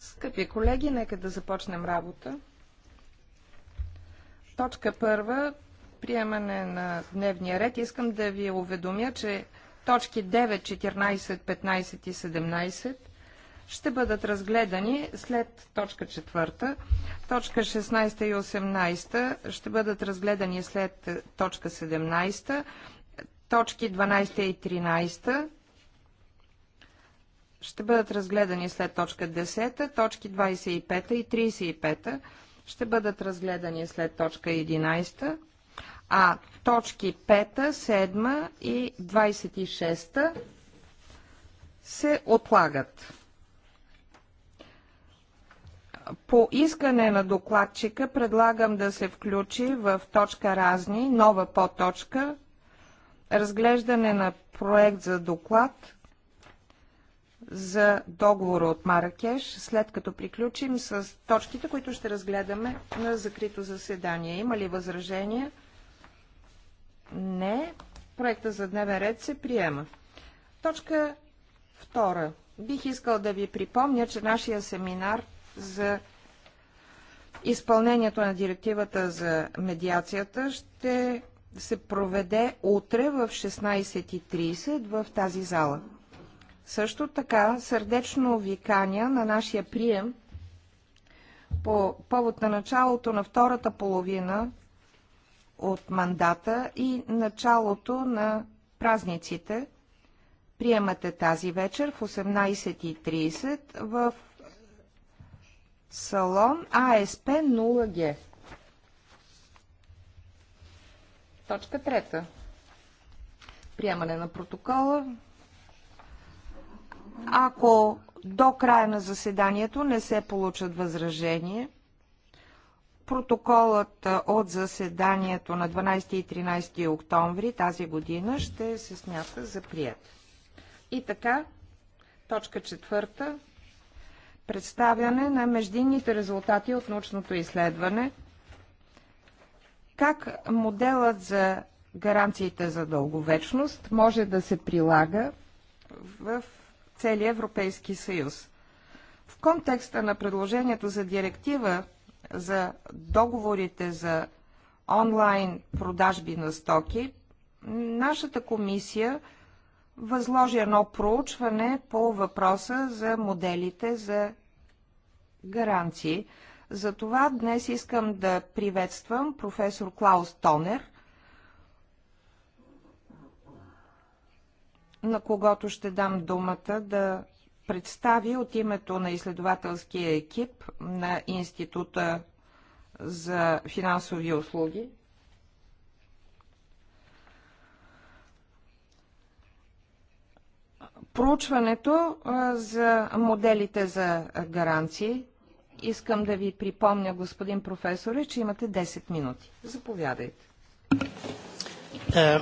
Скъпи колеги, нека да започнем работа. Точка първа приемане на дневния ред. Искам да ви уведомя, че точки 9, 14, 15 и 17 ще бъдат разгледани след точка 4. Точка 16 и 18 ще бъдат разгледани след точка 17. Точки 12 и 13 ще бъдат разгледани след точка 10, точки 25 и 35 ще бъдат разгледани след точка 11, а точки 5, 7 и 26 се отлагат. По искане на докладчика предлагам да се включи в точка разни, нова подточка, разглеждане на проект за доклад за договора от Маракеш, след като приключим с точките, които ще разгледаме на закрито заседание. Има ли възражения? Не. Проекта за дневен ред се приема. Точка втора. Бих искал да ви припомня, че нашия семинар за изпълнението на директивата за медиацията ще се проведе утре в 16.30 в тази зала. Също така сърдечно викания на нашия прием по повод на началото на втората половина от мандата и началото на празниците. Приемате тази вечер в 18.30 в салон АСП 0 г Точка трета. Приемане на протокола ако до края на заседанието не се получат възражения, протоколът от заседанието на 12 и 13 октомври тази година ще се смята за прият. И така, точка четвърта, представяне на междинните резултати от научното изследване, как моделът за гаранциите за дълговечност може да се прилага в целия Европейски съюз. В контекста на предложението за директива за договорите за онлайн продажби на стоки, нашата комисия възложи едно проучване по въпроса за моделите за гаранции. Затова днес искам да приветствам професор Клаус Тонер, на когото ще дам думата да представи от името на изследователския екип на Института за финансови услуги. Проучването за моделите за гаранции. Искам да ви припомня, господин професоре, че имате 10 минути. Заповядайте. Е,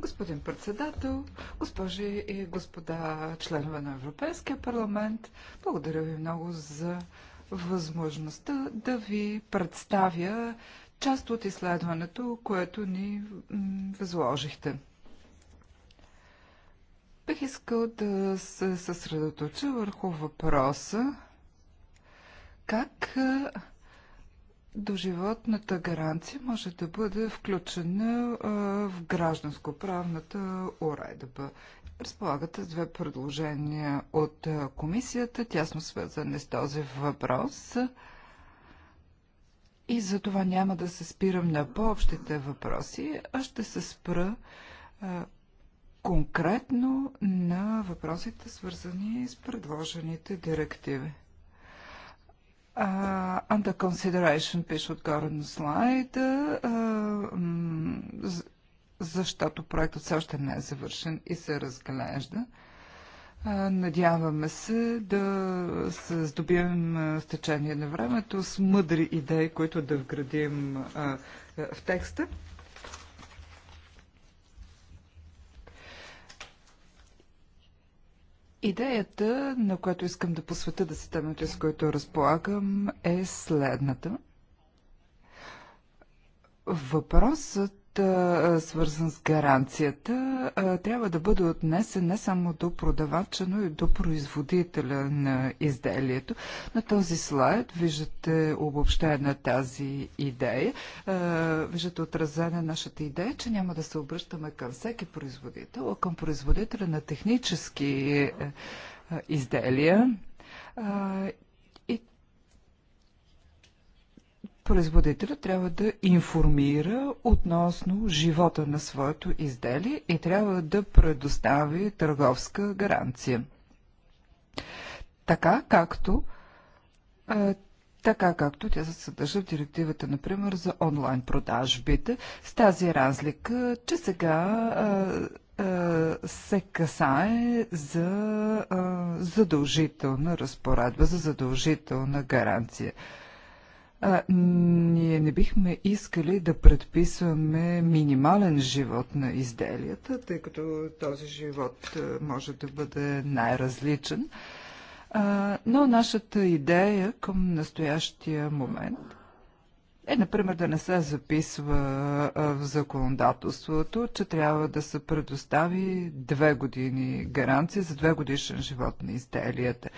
Господин председател, госпожи и господа членове на Европейския парламент, благодаря ви много за възможността да ви представя част от изследването, което ни възложихте. Бих искал да се съсредоточа върху въпроса как Доживотната гаранция може да бъде включена в гражданско-правната уредба. Разполагате с две предложения от комисията, тясно свързани с този въпрос. И за това няма да се спирам на по-общите въпроси, а ще се спра конкретно на въпросите, свързани с предложените директиви. Uh, under consideration пише отгоре на слайда, uh, защото проектът все още не е завършен и се разглежда. надяваме се да се здобием с течение на времето с мъдри идеи, които да вградим в текста. Идеята, на която искам да посвета десетемето, с което разполагам, е следната. Въпросът свързан с гаранцията, трябва да бъде отнесен не само до продавача, но и до производителя на изделието. На този слайд виждате обобщение на тази идея. Виждате отразена на нашата идея, че няма да се обръщаме към всеки производител, а към производителя на технически изделия Производителя трябва да информира относно живота на своето изделие и трябва да предостави търговска гаранция. Така както, а, е, така както тя се съдържа в директивата, например, за онлайн продажбите, с тази разлика, че сега а, е, е, се касае за задължителна разпоредба, за задължителна гаранция. А, ние не бихме искали да предписваме минимален живот на изделията, тъй като този живот може да бъде най-различен. но нашата идея към настоящия момент – е, например, да не се записва в законодателството, че трябва да се предостави две години гаранция за две годишен живот на изделията.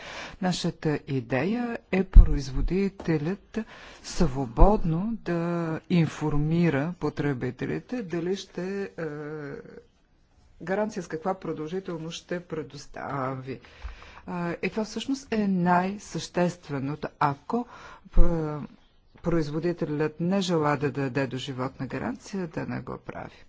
Нашата идея е производителят свободно да информира потребителите дали ще гаранция с каква продължителност ще предостави. И това всъщност е най-същественото. Ако производителят не жела да даде до животна гаранция, да не го прави.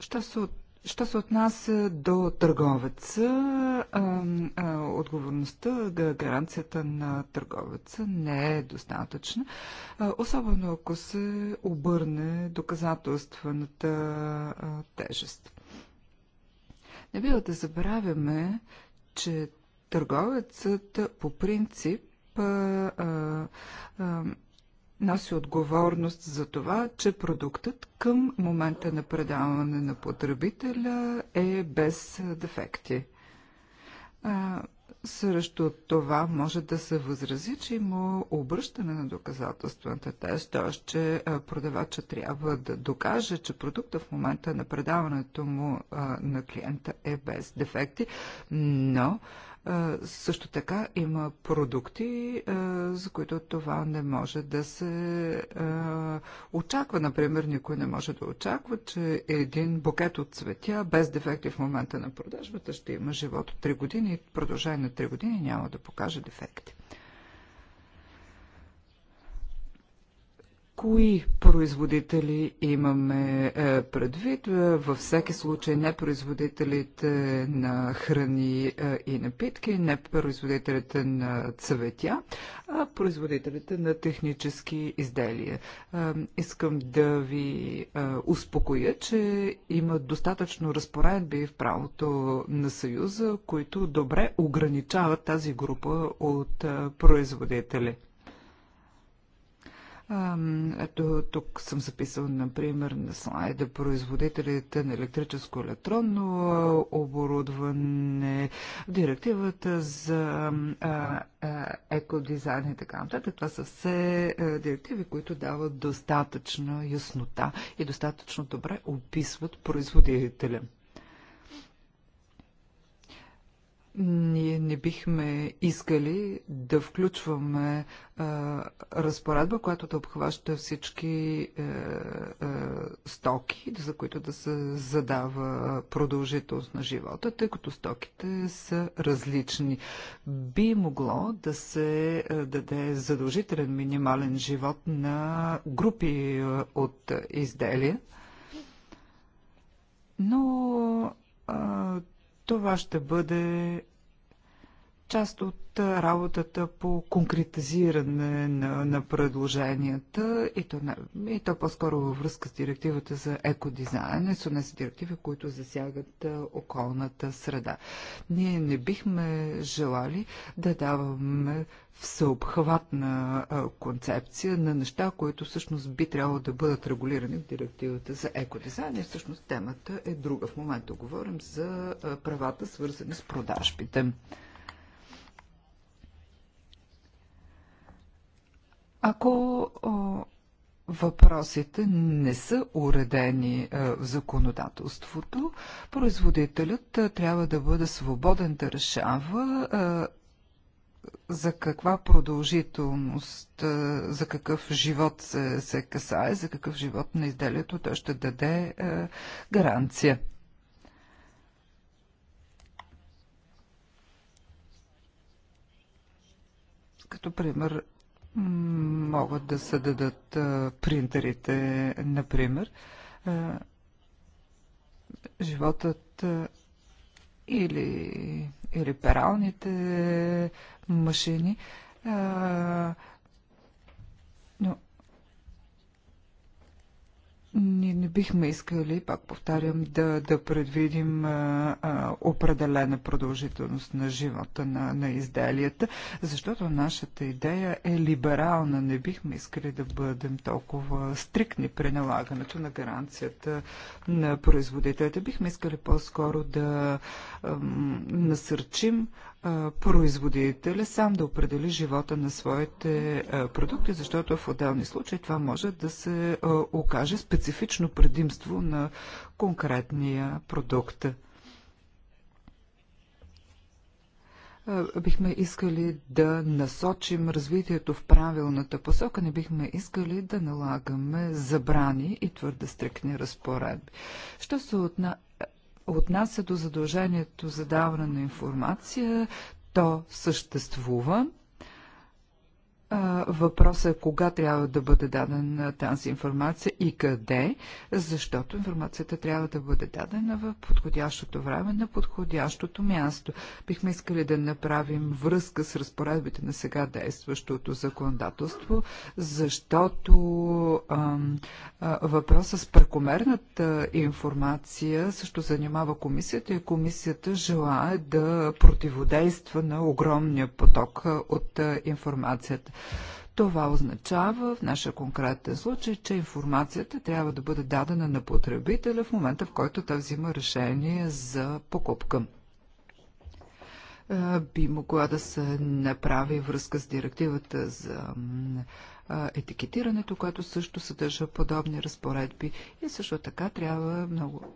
Що се, от... Що се отнася до търговеца, отговорността, гаранцията на търговеца не е достатъчна, особено ако се обърне доказателствената тежест. Не бива да забравяме, че Търговецът по принцип носи отговорност за това, че продуктът към момента на предаване на потребителя е без дефекти. А, срещу това може да се възрази, че има обръщане на доказателствената тест, т.е. че продавача трябва да докаже, че продукта в момента на предаването му а, на клиента е без дефекти, но също така има продукти, за които това не може да се очаква. Например, никой не може да очаква, че един букет от цветя без дефекти в момента на продажбата ще има живот от 3 години и продължение на 3 години няма да покаже дефекти. кои производители имаме е, предвид. Е, във всеки случай не производителите на храни е, и напитки, не производителите на цветя, а производителите на технически изделия. Искам да ви успокоя, че има достатъчно разпоредби в правото на Съюза, които добре ограничават тази група от производители. Ето тук съм записал, например, на слайда производителите на електрическо електронно оборудване, директивата за екодизайн и така нататък. Това са все директиви, които дават достатъчна яснота и достатъчно добре описват производителя. Ние не бихме искали да включваме а, разпоредба, която да обхваща всички а, е, а, е, стоки, за които да се задава продължителност на живота, тъй като стоките са различни. Би могло да се е, даде задължителен минимален живот на групи от изделия, но а, това ще бъде част от работата по конкретизиране на, на предложенията и то, и то по-скоро във връзка с директивата за екодизайн и с тези директиви, които засягат околната среда. Ние не бихме желали да даваме всеобхватна концепция на неща, които всъщност би трябвало да бъдат регулирани в директивата за екодизайн и всъщност темата е друга. В момента говорим за правата, свързани с продажбите. ако въпросите не са уредени в законодателството, производителят трябва да бъде свободен да решава за каква продължителност, за какъв живот се, се касае, за какъв живот на изделието той ще даде гаранция. Като пример могат да се дадат принтерите, например. Животът или, или пералните машини. Но ние не бихме искали, пак повтарям, да, да предвидим а, а, определена продължителност на живота на, на изделията, защото нашата идея е либерална. Не бихме искали да бъдем толкова стрикни при налагането на гаранцията на производителите. Бихме искали по-скоро да а, насърчим производителя сам да определи живота на своите продукти, защото в отделни случаи това може да се окаже специфично предимство на конкретния продукт. бихме искали да насочим развитието в правилната посока, не бихме искали да налагаме забрани и твърде стрикни разпоредби. Що се отна отнася до задължението за даване на информация, то съществува. Въпросът е кога трябва да бъде дадена тази информация и къде, защото информацията трябва да бъде дадена в подходящото време, на подходящото място. Бихме искали да направим връзка с разпоредбите на сега действащото законодателство, защото ам, а, въпросът с прекомерната информация също занимава комисията и комисията желая да противодейства на огромния поток от информацията. Това означава в нашия конкретен случай, че информацията трябва да бъде дадена на потребителя в момента, в който той взима решение за покупка е, би могла да се направи връзка с директивата за етикетирането, което също съдържа подобни разпоредби. И също така трябва много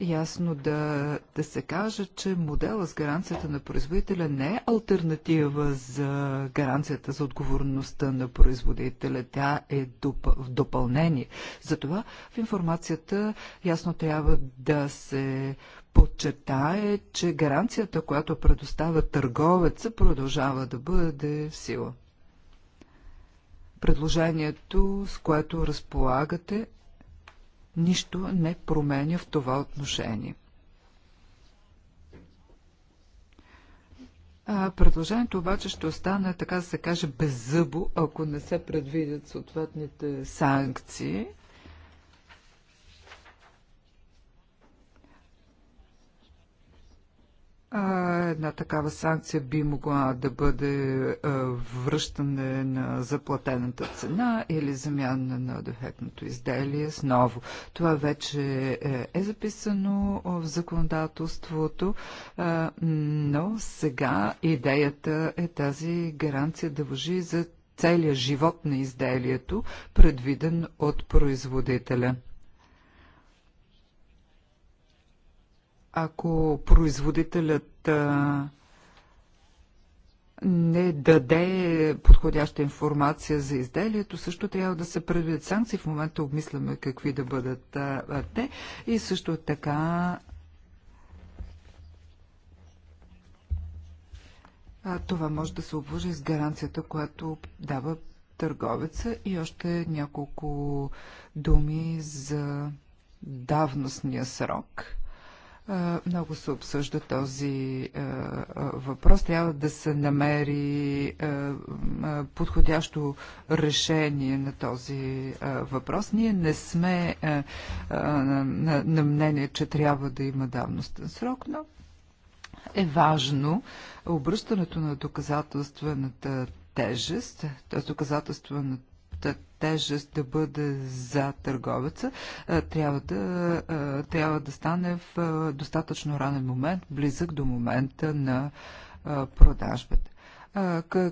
ясно да, да се каже, че модела с гаранцията на производителя не е альтернатива за гаранцията за отговорността на производителя. Тя е доп, в допълнение. Затова в информацията ясно трябва да се подчертае, че гаранцията, която предоставя търговеца, продължава да бъде в сила. Предложението, с което разполагате, нищо не променя в това отношение. Предложението обаче ще остане, така да се каже, беззъбо, ако не се предвидят съответните санкции. една такава санкция би могла да бъде връщане на заплатената цена или замяна на дефектното изделие с ново. Това вече е, е записано в законодателството, но сега идеята е тази гаранция да въжи за целия живот на изделието, предвиден от производителя. Ако производителят не даде подходяща информация за изделието, също трябва да се предвидят санкции. В момента обмисляме какви да бъдат те. И също така това може да се обложи с гаранцията, която дава търговеца и още няколко думи за давностния срок. Много се обсъжда този въпрос. Трябва да се намери подходящо решение на този въпрос. Ние не сме на мнение, че трябва да има давностен срок, но е важно обръщането на доказателствената тежест, т.е. доказателствената цялата тежест да бъде за търговеца, трябва да, трябва да стане в достатъчно ранен момент, близък до момента на продажбата.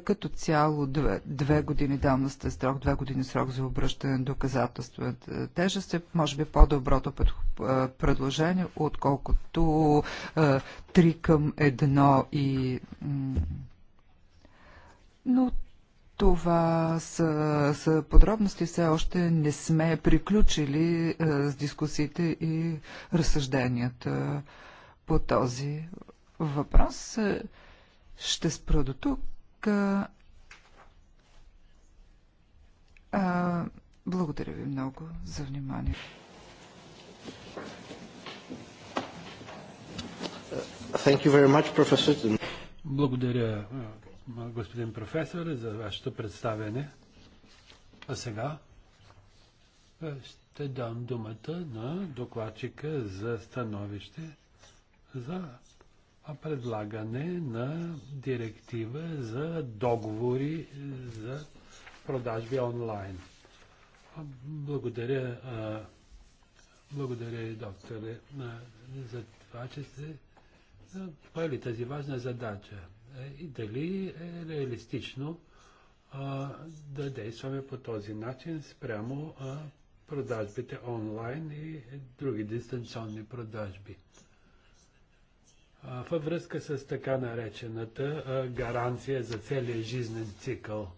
Като цяло две, две години давност е срок, две години срок за обръщане на доказателствената тежест е, може би, по-доброто предложение, отколкото три към едно и... Но това са, са подробности. Все още не сме приключили е, с дискусиите и разсъжденията по този въпрос. Ще спра до тук. А, е, благодаря ви много за внимание. Thank you very much, Благодаря, господин професор, за вашето представяне. А сега е, ще дам думата на докладчика за становище за предлагане на директива за договори за продажби онлайн. Благодаря, благодаря и докторе за това, че сте поели тази важна задача и дали е реалистично а, да действаме по този начин спрямо а, продажбите онлайн и други дистанционни продажби. А, във връзка с така наречената а, гаранция за целия жизнен цикъл.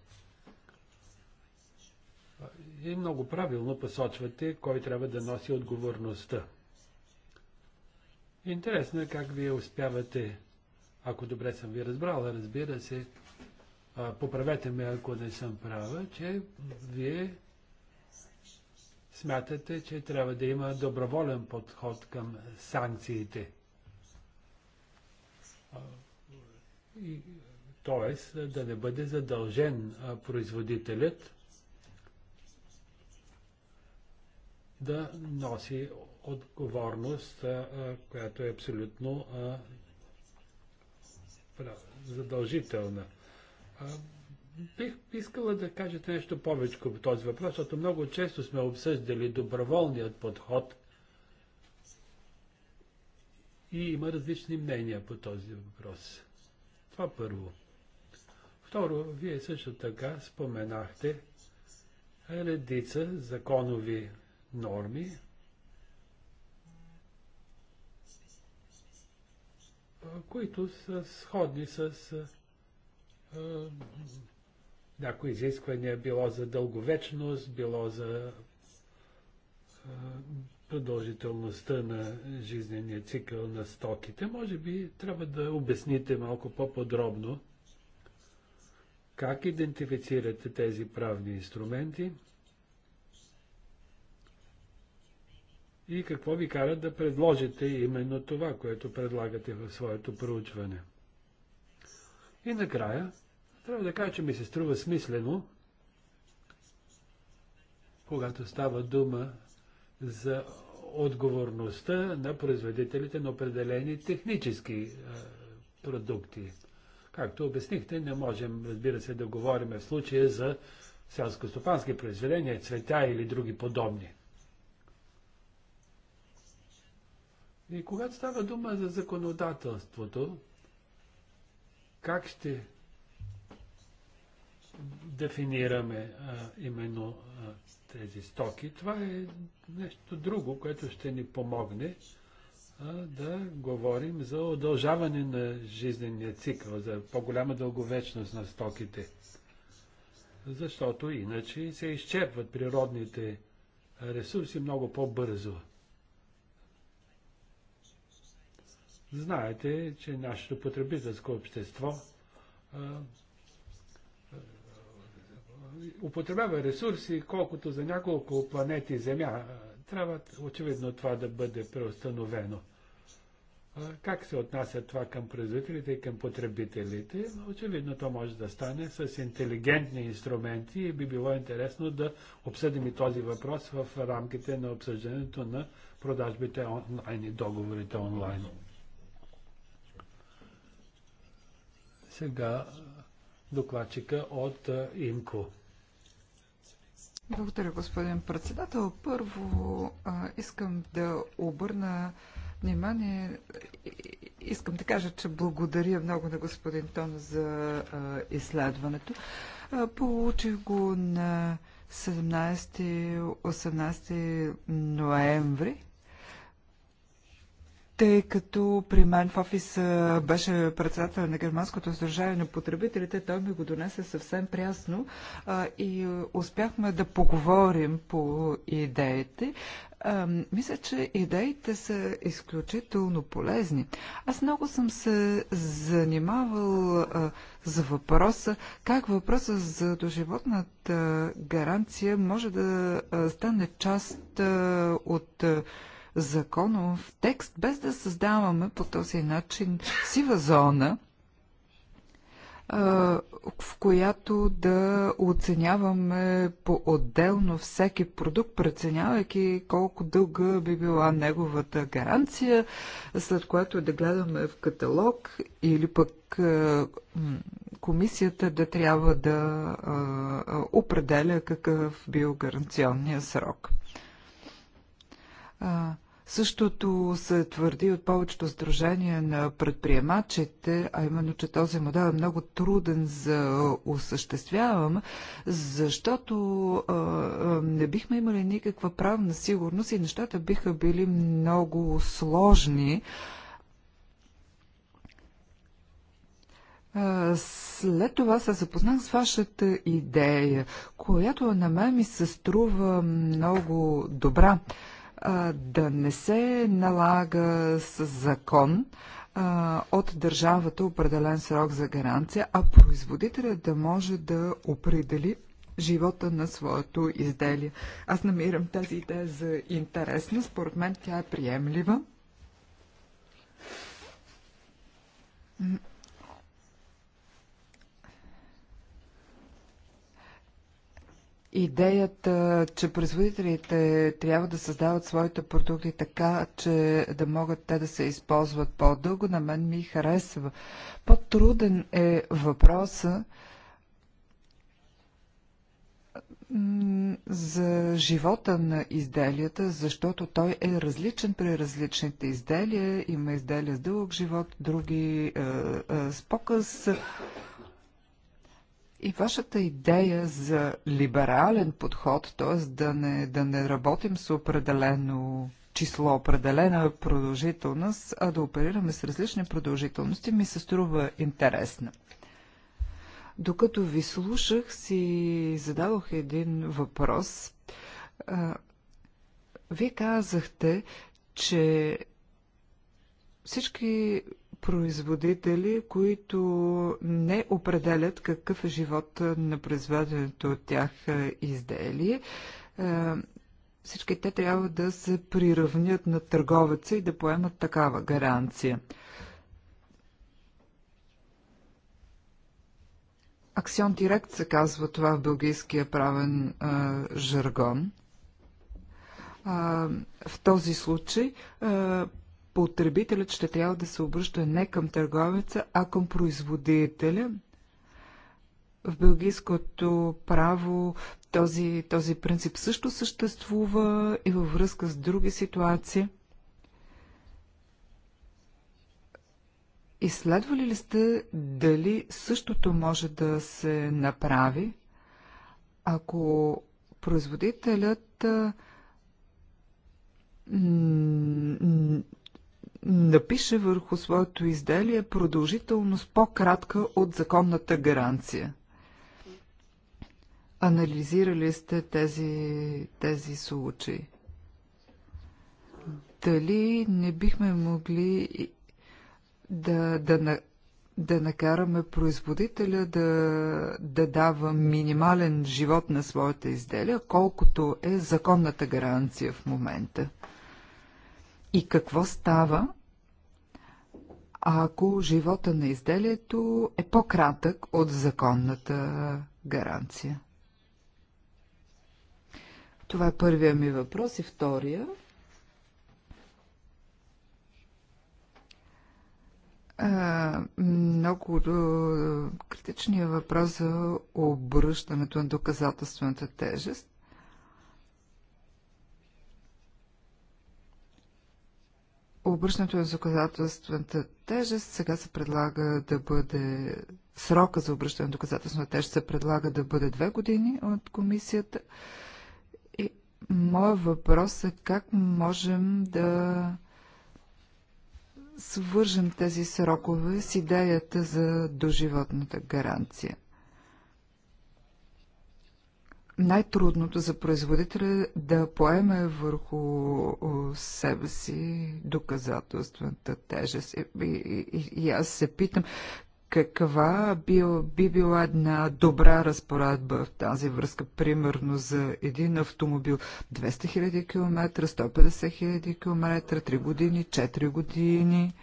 И много правилно посочвате кой трябва да носи отговорността. Интересно е как вие успявате ако добре съм ви разбрал, разбира се, поправете ме, ако не съм права, че вие смятате, че трябва да има доброволен подход към санкциите. И, тоест, да не бъде задължен а, производителят да носи отговорност, а, която е абсолютно задължителна. А, бих искала да кажете нещо повече по този въпрос, защото много често сме обсъждали доброволният подход и има различни мнения по този въпрос. Това първо. Второ, вие също така споменахте редица законови норми, които са сходни с някои изисквания, било за дълговечност, било за продължителността на жизнения цикъл на стоките. Може би трябва да обясните малко по-подробно как идентифицирате тези правни инструменти – и какво ви кара да предложите именно това, което предлагате в своето проучване. И накрая, трябва да кажа, че ми се струва смислено, когато става дума за отговорността на производителите на определени технически е, продукти. Както обяснихте, не можем, разбира се, да говорим в случая за селско-стопански произведения, цвета или други подобни. И когато става дума за законодателството, как ще дефинираме а, именно а, тези стоки, това е нещо друго, което ще ни помогне а, да говорим за удължаване на жизнения цикъл, за по-голяма дълговечност на стоките. Защото иначе се изчерпват природните ресурси много по-бързо. Знаете, че нашето потребителско общество употребява ресурси, колкото за няколко планети Земя. Трябва очевидно това да бъде преустановено. как се отнася това към производителите и към потребителите? Очевидно то може да стане с интелигентни инструменти и би било интересно да обсъдим и този въпрос в рамките на обсъждането на продажбите онлайн и договорите онлайн. Сега докладчика от ИМКО. Благодаря, господин председател. Първо а, искам да обърна внимание. Искам да кажа, че благодаря много на господин Тон за а, изследването. А, получих го на 17-18 ноември тъй като при мен в офис беше председател на Германското сдружение на потребителите, той ми го донесе съвсем прясно а, и успяхме да поговорим по идеите. А, мисля, че идеите са изключително полезни. Аз много съм се занимавал а, за въпроса как въпросът за доживотната гаранция може да стане част от законов текст, без да създаваме по този начин сива зона, в която да оценяваме по-отделно всеки продукт, преценявайки колко дълга би била неговата гаранция, след което да гледаме в каталог или пък комисията да трябва да определя какъв бил гаранционния срок. Същото се твърди от повечето сдружения на предприемачите, а именно, че този модел е много труден за осъществявам, защото а, не бихме имали никаква правна сигурност и нещата биха били много сложни. След това се запознах с вашата идея, която на мен ми се струва много добра да не се налага с закон от държавата определен срок за гаранция, а производителят да може да определи живота на своето изделие. Аз намирам тази идея за интересна. Според мен тя е приемлива. Идеята, че производителите трябва да създават своите продукти така, че да могат те да се използват по-дълго, на мен ми харесва. По-труден е въпроса за живота на изделията, защото той е различен при различните изделия. Има изделия с дълъг живот, други е, е, с покъс и вашата идея за либерален подход, т.е. Да не, да не работим с определено число, определена продължителност, а да оперираме с различни продължителности, ми се струва интересна. Докато ви слушах, си зададох един въпрос. Вие казахте, че всички производители, които не определят какъв е живот на произведеното от тях е, изделие. Е, всички те трябва да се приравнят на търговеца и да поемат такава гаранция. Аксион Директ се казва това в бългийския правен а, е, жаргон. А, в този случай а, потребителят ще трябва да се обръща не към търговеца, а към производителя. В бългийското право този, този принцип също съществува и във връзка с други ситуации. Изследвали ли сте дали същото може да се направи, ако производителят напише върху своето изделие продължителност по-кратка от законната гаранция. Анализирали сте тези, тези случаи? Дали не бихме могли да, да, да накараме производителя да, да дава минимален живот на своите изделия, колкото е законната гаранция в момента? И какво става, ако живота на изделието е по-кратък от законната гаранция? Това е първия ми въпрос и втория. много критичният въпрос за обръщането на доказателствената тежест. обръщането на доказателствената тежест сега се предлага да бъде срока за обръщане на доказателствената тежест се предлага да бъде две години от комисията. И моят въпрос е как можем да свържем тези срокове с идеята за доживотната гаранция най-трудното за производителя е да поеме върху себе си доказателствената тежест. И, и, и аз се питам, каква би, би била една добра разпоредба в тази връзка, примерно за един автомобил 200 000 км, 150 000 км, 3 години, 4 години?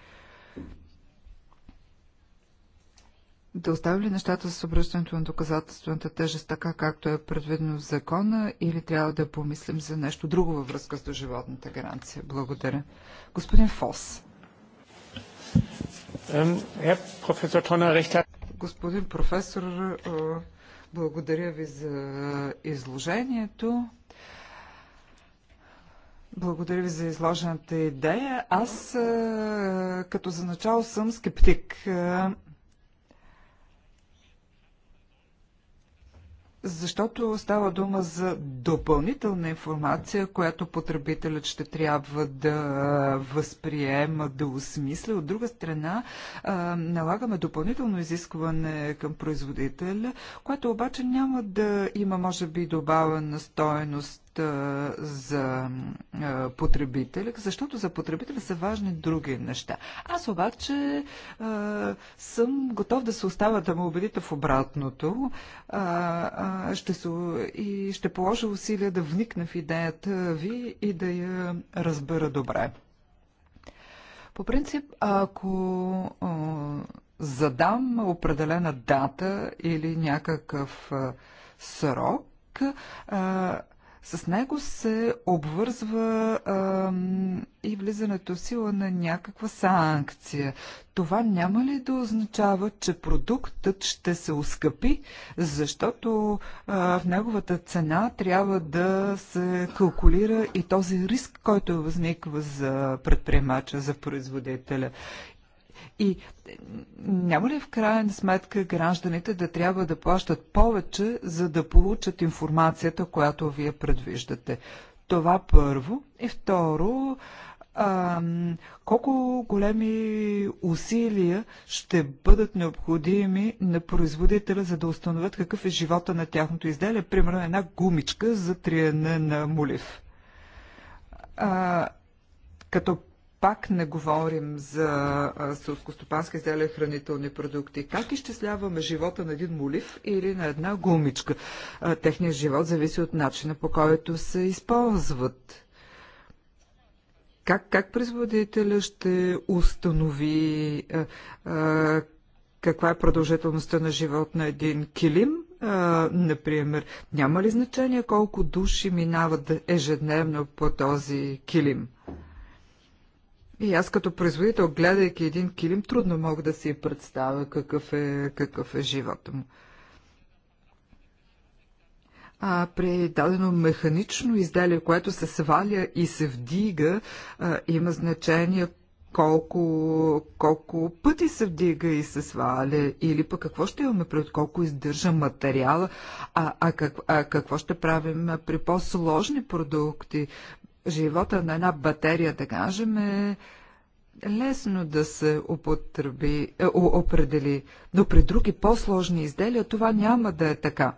да остави ли нещата с обръщането на доказателствената тежест така, както е предвидено в закона, или трябва да помислим за нещо друго във връзка с доживотната гаранция? Благодаря. Господин Фос. Е, Господин професор, е, благодаря ви за изложението. Благодаря ви за изложената идея. Аз е, като за начало съм скептик. защото става дума за допълнителна информация, която потребителят ще трябва да възприема, да осмисля. От друга страна, налагаме допълнително изискване към производителя, което обаче няма да има, може би, добавена стоеност за потребителя, защото за потребителя са важни други неща. Аз обаче съм готов да се остава да ме убедите в обратното ще се, и ще положа усилия да вникна в идеята ви и да я разбера добре. По принцип, ако задам определена дата или някакъв срок, срок, с него се обвързва а, и влизането в сила на някаква санкция. Това няма ли да означава, че продуктът ще се ускъпи, защото а, в неговата цена трябва да се калкулира и този риск, който възниква за предприемача, за производителя? И няма ли в крайна сметка гражданите да трябва да плащат повече, за да получат информацията, която вие предвиждате? Това първо. И второ, а, колко големи усилия ще бъдат необходими на производителя, за да установят какъв е живота на тяхното изделие, примерно една гумичка за триене на молив. А, като пак не говорим за сълскостопански изделия и хранителни продукти. Как изчисляваме живота на един молив или на една гумичка? Техният живот зависи от начина по който се използват. Как, как производителя ще установи а, а, каква е продължителността на живот на един килим, а, например? Няма ли значение колко души минават ежедневно по този килим? И аз като производител, гледайки един килим, трудно мога да си представя какъв е, какъв е живота му. А при дадено механично изделие, което се сваля и се вдига, а, има значение колко, колко пъти се вдига и се сваля, или пък какво ще имаме пред колко издържа материала, а, а, как, а какво ще правим при по-сложни продукти живота на една батерия, да кажем, е лесно да се употреби, е, определи, но при други по-сложни изделия това няма да е така.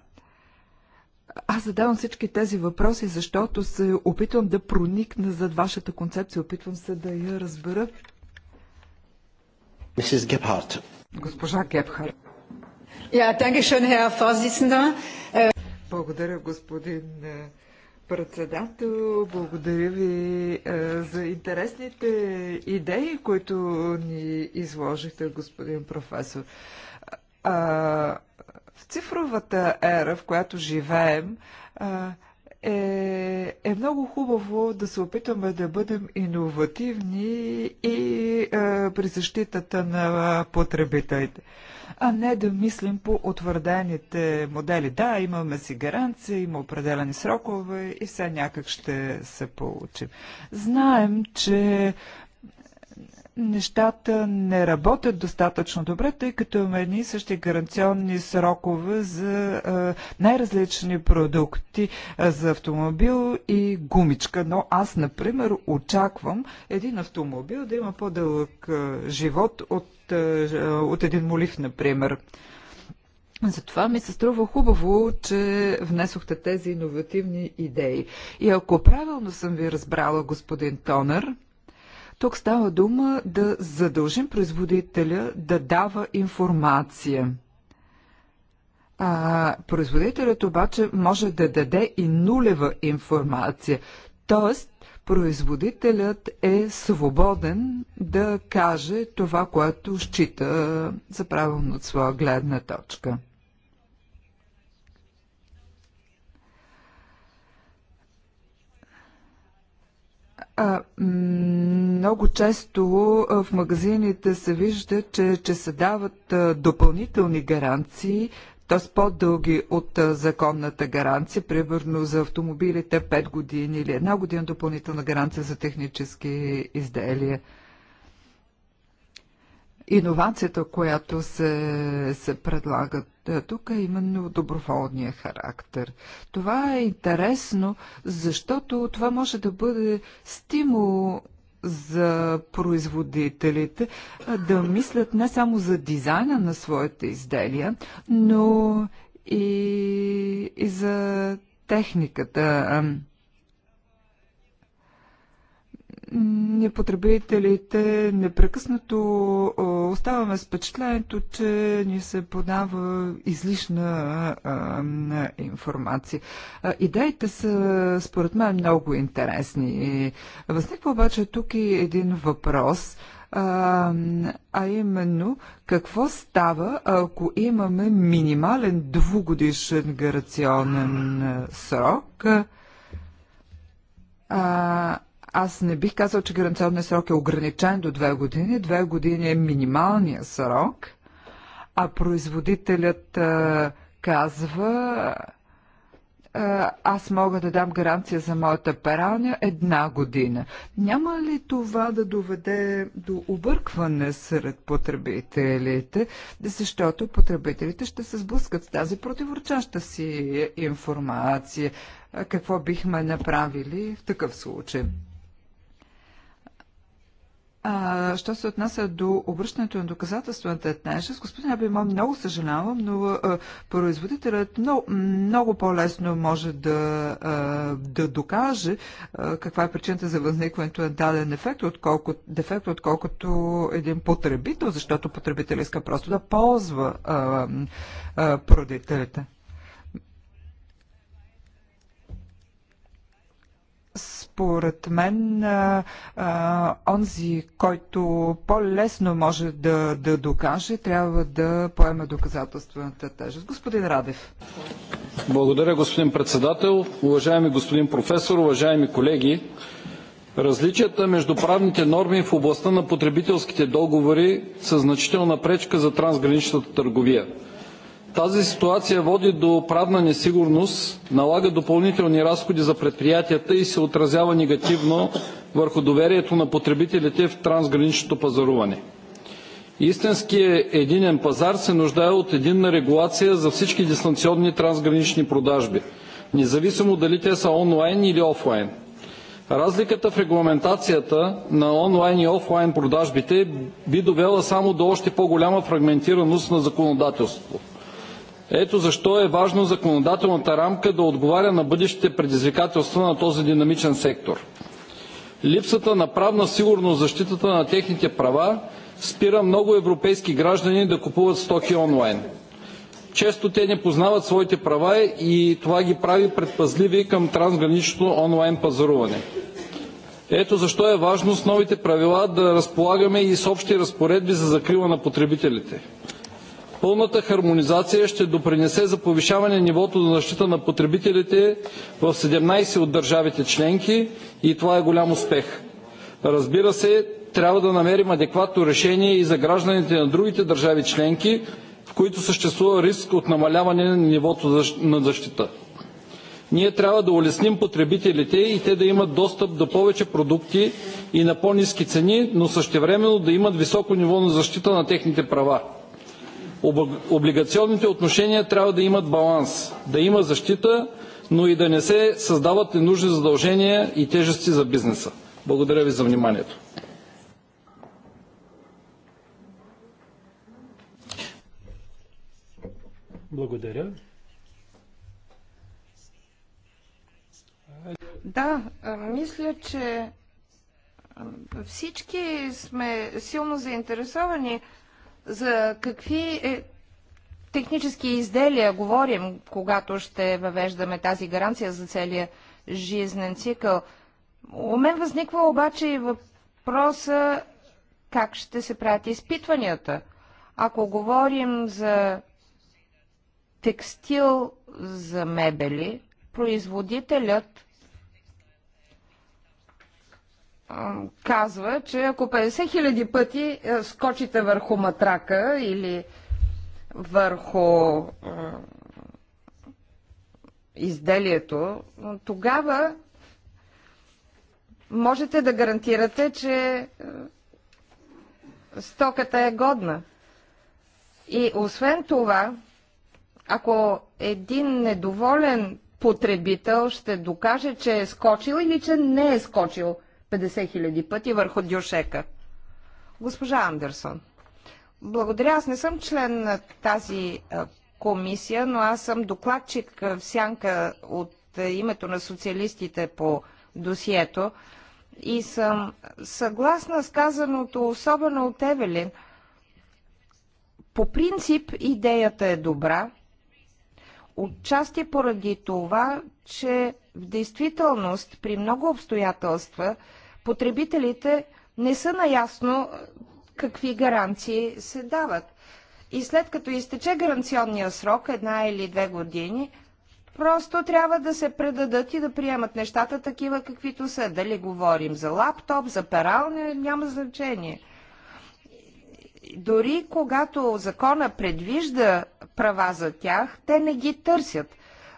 Аз задавам всички тези въпроси, защото се опитвам да проникна зад вашата концепция, опитвам се да я разбера. Мисис Гепхарт. Госпожа Гепхарт. Yeah, Благодаря, господин е, председател. Благодаря ви е, за интересните идеи, които ни изложихте, господин професор. в цифровата ера, в която живеем, е, е много хубаво да се опитваме да бъдем иновативни и е, при защитата на потребителите, а не да мислим по утвърдените модели. Да, имаме си гаранция, има определени срокове и все някак ще се получим. Знаем, че нещата не работят достатъчно добре, тъй като има едни и същи гаранционни срокове за най-различни продукти за автомобил и гумичка. Но аз, например, очаквам един автомобил да има по-дълъг живот от, от един молив, например. Затова ми се струва хубаво, че внесохте тези иновативни идеи. И ако правилно съм ви разбрала, господин Тонър, тук става дума да задължим производителя да дава информация. А, производителят обаче може да даде и нулева информация. Тоест, производителят е свободен да каже това, което счита за правилно от своя гледна точка. А, много често в магазините се вижда, че, че се дават допълнителни гаранции, т.е. по-дълги от законната гаранция, примерно за автомобилите 5 години или една година допълнителна гаранция за технически изделия иновацията, която се, се предлага е, тук, е именно доброволния характер. Това е интересно, защото това може да бъде стимул за производителите да мислят не само за дизайна на своите изделия, но и, и за техниката ние потребителите непрекъснато оставаме с впечатлението, че ни се подава излишна а, информация. А, идеите са, според мен, много интересни. Възниква обаче тук и един въпрос а, а именно какво става, ако имаме минимален двугодишен гарационен срок, а, аз не бих казал, че гаранционният срок е ограничен до две години. Две години е минималния срок, а производителят а, казва аз мога да дам гаранция за моята пералня една година. Няма ли това да доведе до объркване сред потребителите, защото потребителите ще се сблъскат с тази противоречаща си информация? Какво бихме направили в такъв случай? А, що се отнася до обръщането на доказателствената с господин Абимон, много съжалявам, но а, производителят много, много по-лесно може да, а, да докаже а, каква е причината за възникването на даден ефект, отколко, дефект, отколкото един потребител, защото потребител иска просто да ползва а, а, продителите. Според мен, а, а, онзи, който по-лесно може да, да докаже, трябва да поеме доказателствената тежест. Господин Радев. Благодаря, господин председател. Уважаеми господин професор, уважаеми колеги, Различията между правните норми в областта на потребителските договори са значителна пречка за трансграничната търговия. Тази ситуация води до правна несигурност, налага допълнителни разходи за предприятията и се отразява негативно върху доверието на потребителите в трансграничното пазаруване. Истинският е единен пазар се нуждае от единна регулация за всички дистанционни трансгранични продажби, независимо дали те са онлайн или офлайн. Разликата в регламентацията на онлайн и офлайн продажбите би довела само до още по-голяма фрагментираност на законодателството. Ето защо е важно законодателната рамка да отговаря на бъдещите предизвикателства на този динамичен сектор. Липсата на правна сигурност защитата на техните права спира много европейски граждани да купуват стоки онлайн. Често те не познават своите права и това ги прави предпазливи към трансграничното онлайн пазаруване. Ето защо е важно с новите правила да разполагаме и с общи разпоредби за закрила на потребителите – Пълната хармонизация ще допринесе за повишаване нивото на защита на потребителите в 17 от държавите членки и това е голям успех. Разбира се, трябва да намерим адекватно решение и за гражданите на другите държави членки, в които съществува риск от намаляване на нивото на защита. Ние трябва да улесним потребителите и те да имат достъп до повече продукти и на по-низки цени, но същевременно да имат високо ниво на защита на техните права. Облигационните отношения трябва да имат баланс, да има защита, но и да не се създават ненужни задължения и тежести за бизнеса. Благодаря ви за вниманието. Благодаря. Да, мисля, че всички сме силно заинтересовани за какви е, технически изделия говорим, когато ще въвеждаме тази гаранция за целия жизнен цикъл? У мен възниква обаче и въпроса как ще се правят изпитванията. Ако говорим за текстил за мебели, производителят казва, че ако 50 хиляди пъти е, скочите върху матрака или върху изделието, тогава можете да гарантирате, че стоката е годна. И освен това, ако един недоволен потребител ще докаже, че е скочил или че не е скочил – 50 000 пъти върху дюшека. Госпожа Андерсон. Благодаря. Аз не съм член на тази комисия, но аз съм докладчик в сянка от името на социалистите по досието и съм съгласна с казаното, особено от Евелин. По принцип идеята е добра, отчасти поради това, че в действителност при много обстоятелства – потребителите не са наясно е, какви гаранции се дават. И след като изтече гаранционния срок, една или две години, Просто трябва да се предадат и да приемат нещата такива, каквито са. Дали говорим за лаптоп, за пералня, няма значение. Дори когато закона предвижда права за тях, те не ги търсят.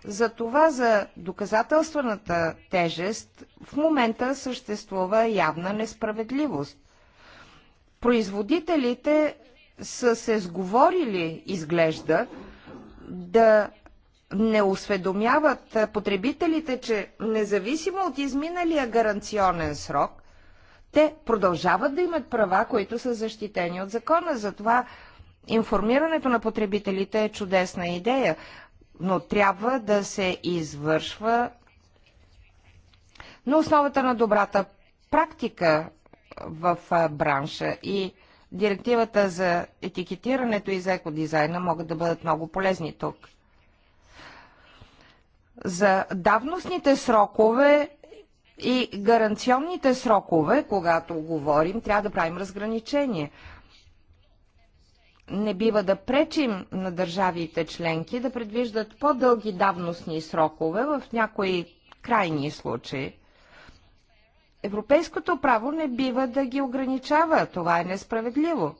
Затова за доказателствената тежест в момента съществува явна несправедливост. Производителите са се сговорили, изглежда, да не осведомяват потребителите, че независимо от изминалия гаранционен срок, те продължават да имат права, които са защитени от закона. Затова информирането на потребителите е чудесна идея но трябва да се извършва на основата на добрата практика в бранша и директивата за етикетирането и за екодизайна могат да бъдат много полезни тук. За давностните срокове и гаранционните срокове, когато говорим, трябва да правим разграничение не бива да пречим на държавите членки да предвиждат по-дълги давностни срокове в някои крайни случаи. Европейското право не бива да ги ограничава. Това е несправедливо.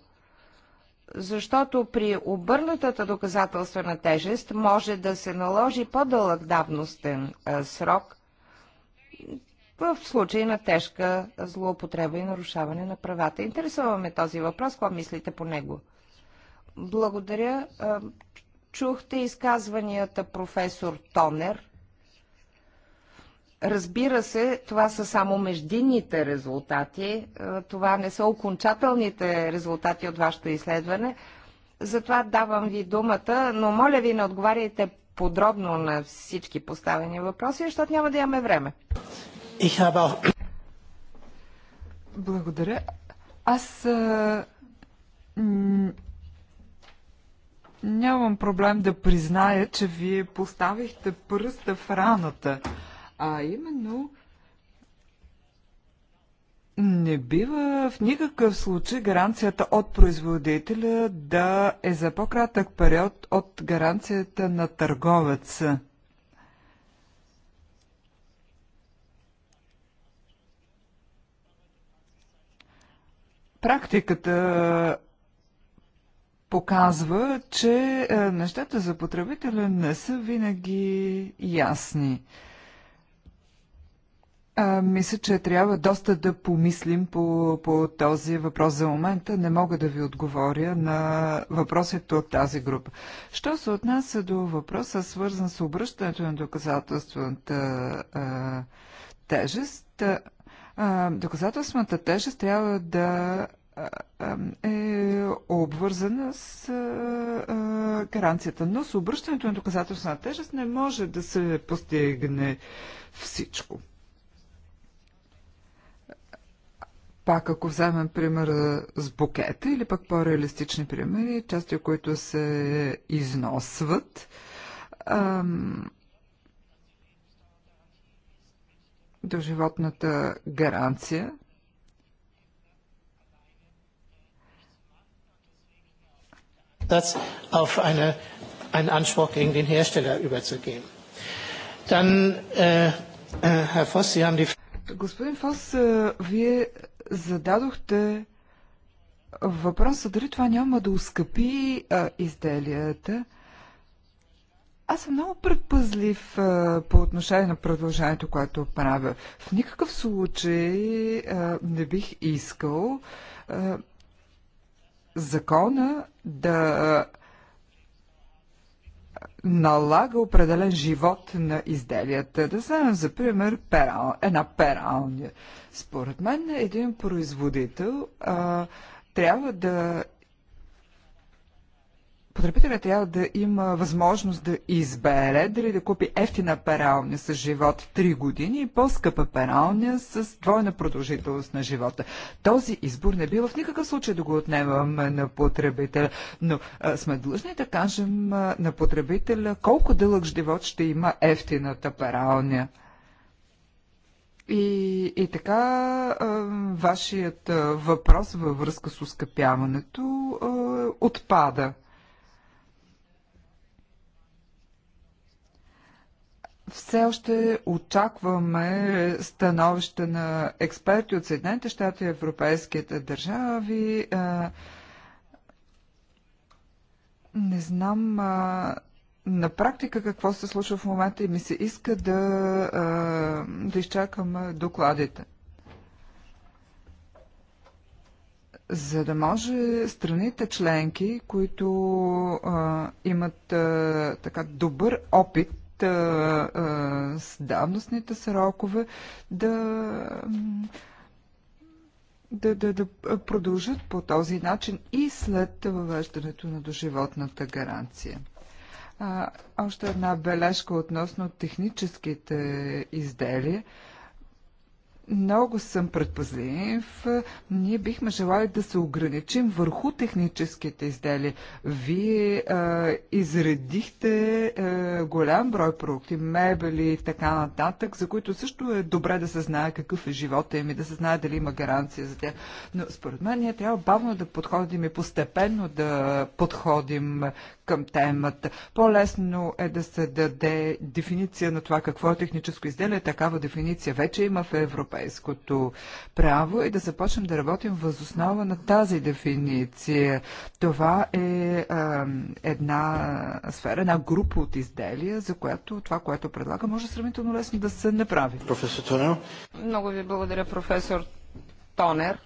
Защото при обърнатата доказателствена тежест може да се наложи по-дълъг давностен а, срок в случай на тежка злоупотреба и нарушаване на правата. Интересуваме този въпрос. Какво мислите по него? Благодаря. Чухте изказванията професор Тонер. Разбира се, това са само междинните резултати, това не са окончателните резултати от вашето изследване. Затова давам ви думата, но моля ви не отговаряйте подробно на всички поставени въпроси, защото няма да имаме време. Благодаря. Аз Нямам проблем да призная, че вие поставихте пръста в раната, а именно не бива в никакъв случай гаранцията от производителя да е за по-кратък период от гаранцията на търговеца. Практиката показва, че е, нещата за потребителя не са винаги ясни. А, мисля, че трябва доста да помислим по, по този въпрос за момента. Не мога да ви отговоря на въпросите от тази група. Що се отнася до въпроса, свързан с обръщането на доказателствената а, е, тежест, а, е, доказателствената тежест трябва да е, е обвързана с е, е, гаранцията. Но с обръщането на доказателство на тежест не може да се постигне всичко. Пак ако вземем пример с букета или пък по-реалистични примери, части, които се износват, до животната гаранция, Ersatz auf eine, einen Anspruch gegen den Hersteller überzugehen. Dann, äh, äh, Herr Voss, Sie haben die. Господин Фос, е, вие зададохте въпроса дали това няма да ускъпи а, изделията. Аз съм много предпазлив а, е, по отношение на продължението, което правя. В никакъв случай а, е, не бих искал а, закона да налага определен живот на изделията. Да знаем, за пример перал, една пералня. Според мен един производител а, трябва да потребителят трябва да има възможност да избере дали да купи ефтина пералня с живот 3 години и по-скъпа пералня с двойна продължителност на живота. Този избор не бива в никакъв случай да го отнемаме на потребителя, но а, сме длъжни да кажем а, на потребителя колко дълъг живот ще има ефтината пералня. И, и така, а, вашият а, въпрос във връзка с ускъпяването а, отпада. все още очакваме становище на експерти от Съединените щати и европейските държави. Не знам на практика какво се случва в момента и ми се иска да, да изчакам докладите. За да може страните членки, които а, имат а, така добър опит а, с давностните срокове да, да, да, да продължат по този начин и след въвеждането на доживотната гаранция. А, още една бележка относно техническите изделия. А, много съм предпазлив. Ние бихме желали да се ограничим върху техническите изделия. Вие а, изредихте а, голям брой продукти, мебели и така нататък, за които също е добре да се знае какъв е живота им и да се знае дали има гаранция за тях. Но според мен ние трябва бавно да подходим и постепенно да подходим към темата. По-лесно е да се даде дефиниция на това какво е техническо изделие. Такава дефиниция вече има в Европа европейското право и да започнем да работим възоснова на тази дефиниция. Това е а, една сфера, една група от изделия, за която това, което предлага, може сравнително лесно да се направи. Професор Тонер. Много ви благодаря, професор Тонер.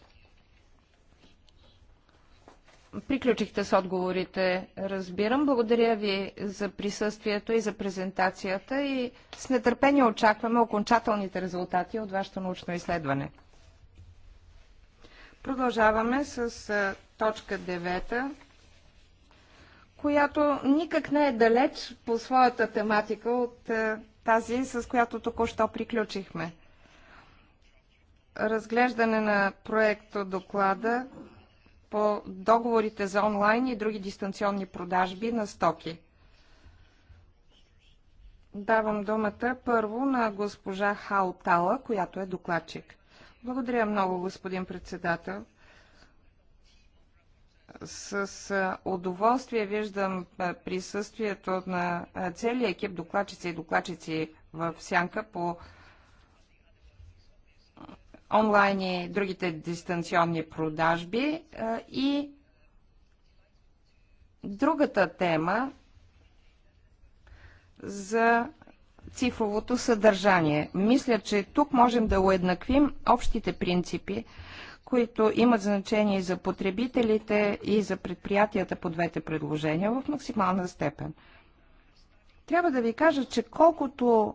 Приключихте с отговорите, разбирам. Благодаря ви за присъствието и за презентацията и с нетърпение очакваме окончателните резултати от вашето научно изследване. Продължаваме с точка 9, която никак не е далеч по своята тематика от тази, с която току-що приключихме. Разглеждане на проекто доклада по договорите за онлайн и други дистанционни продажби на стоки. Давам думата първо на госпожа Тала, която е докладчик. Благодаря много, господин председател. С удоволствие виждам присъствието на целия екип докладчици и докладчици в сянка по онлайн и другите дистанционни продажби. Е, и другата тема за цифровото съдържание. Мисля, че тук можем да уеднаквим общите принципи, които имат значение и за потребителите, и за предприятията по двете предложения в максимална степен. Трябва да ви кажа, че колкото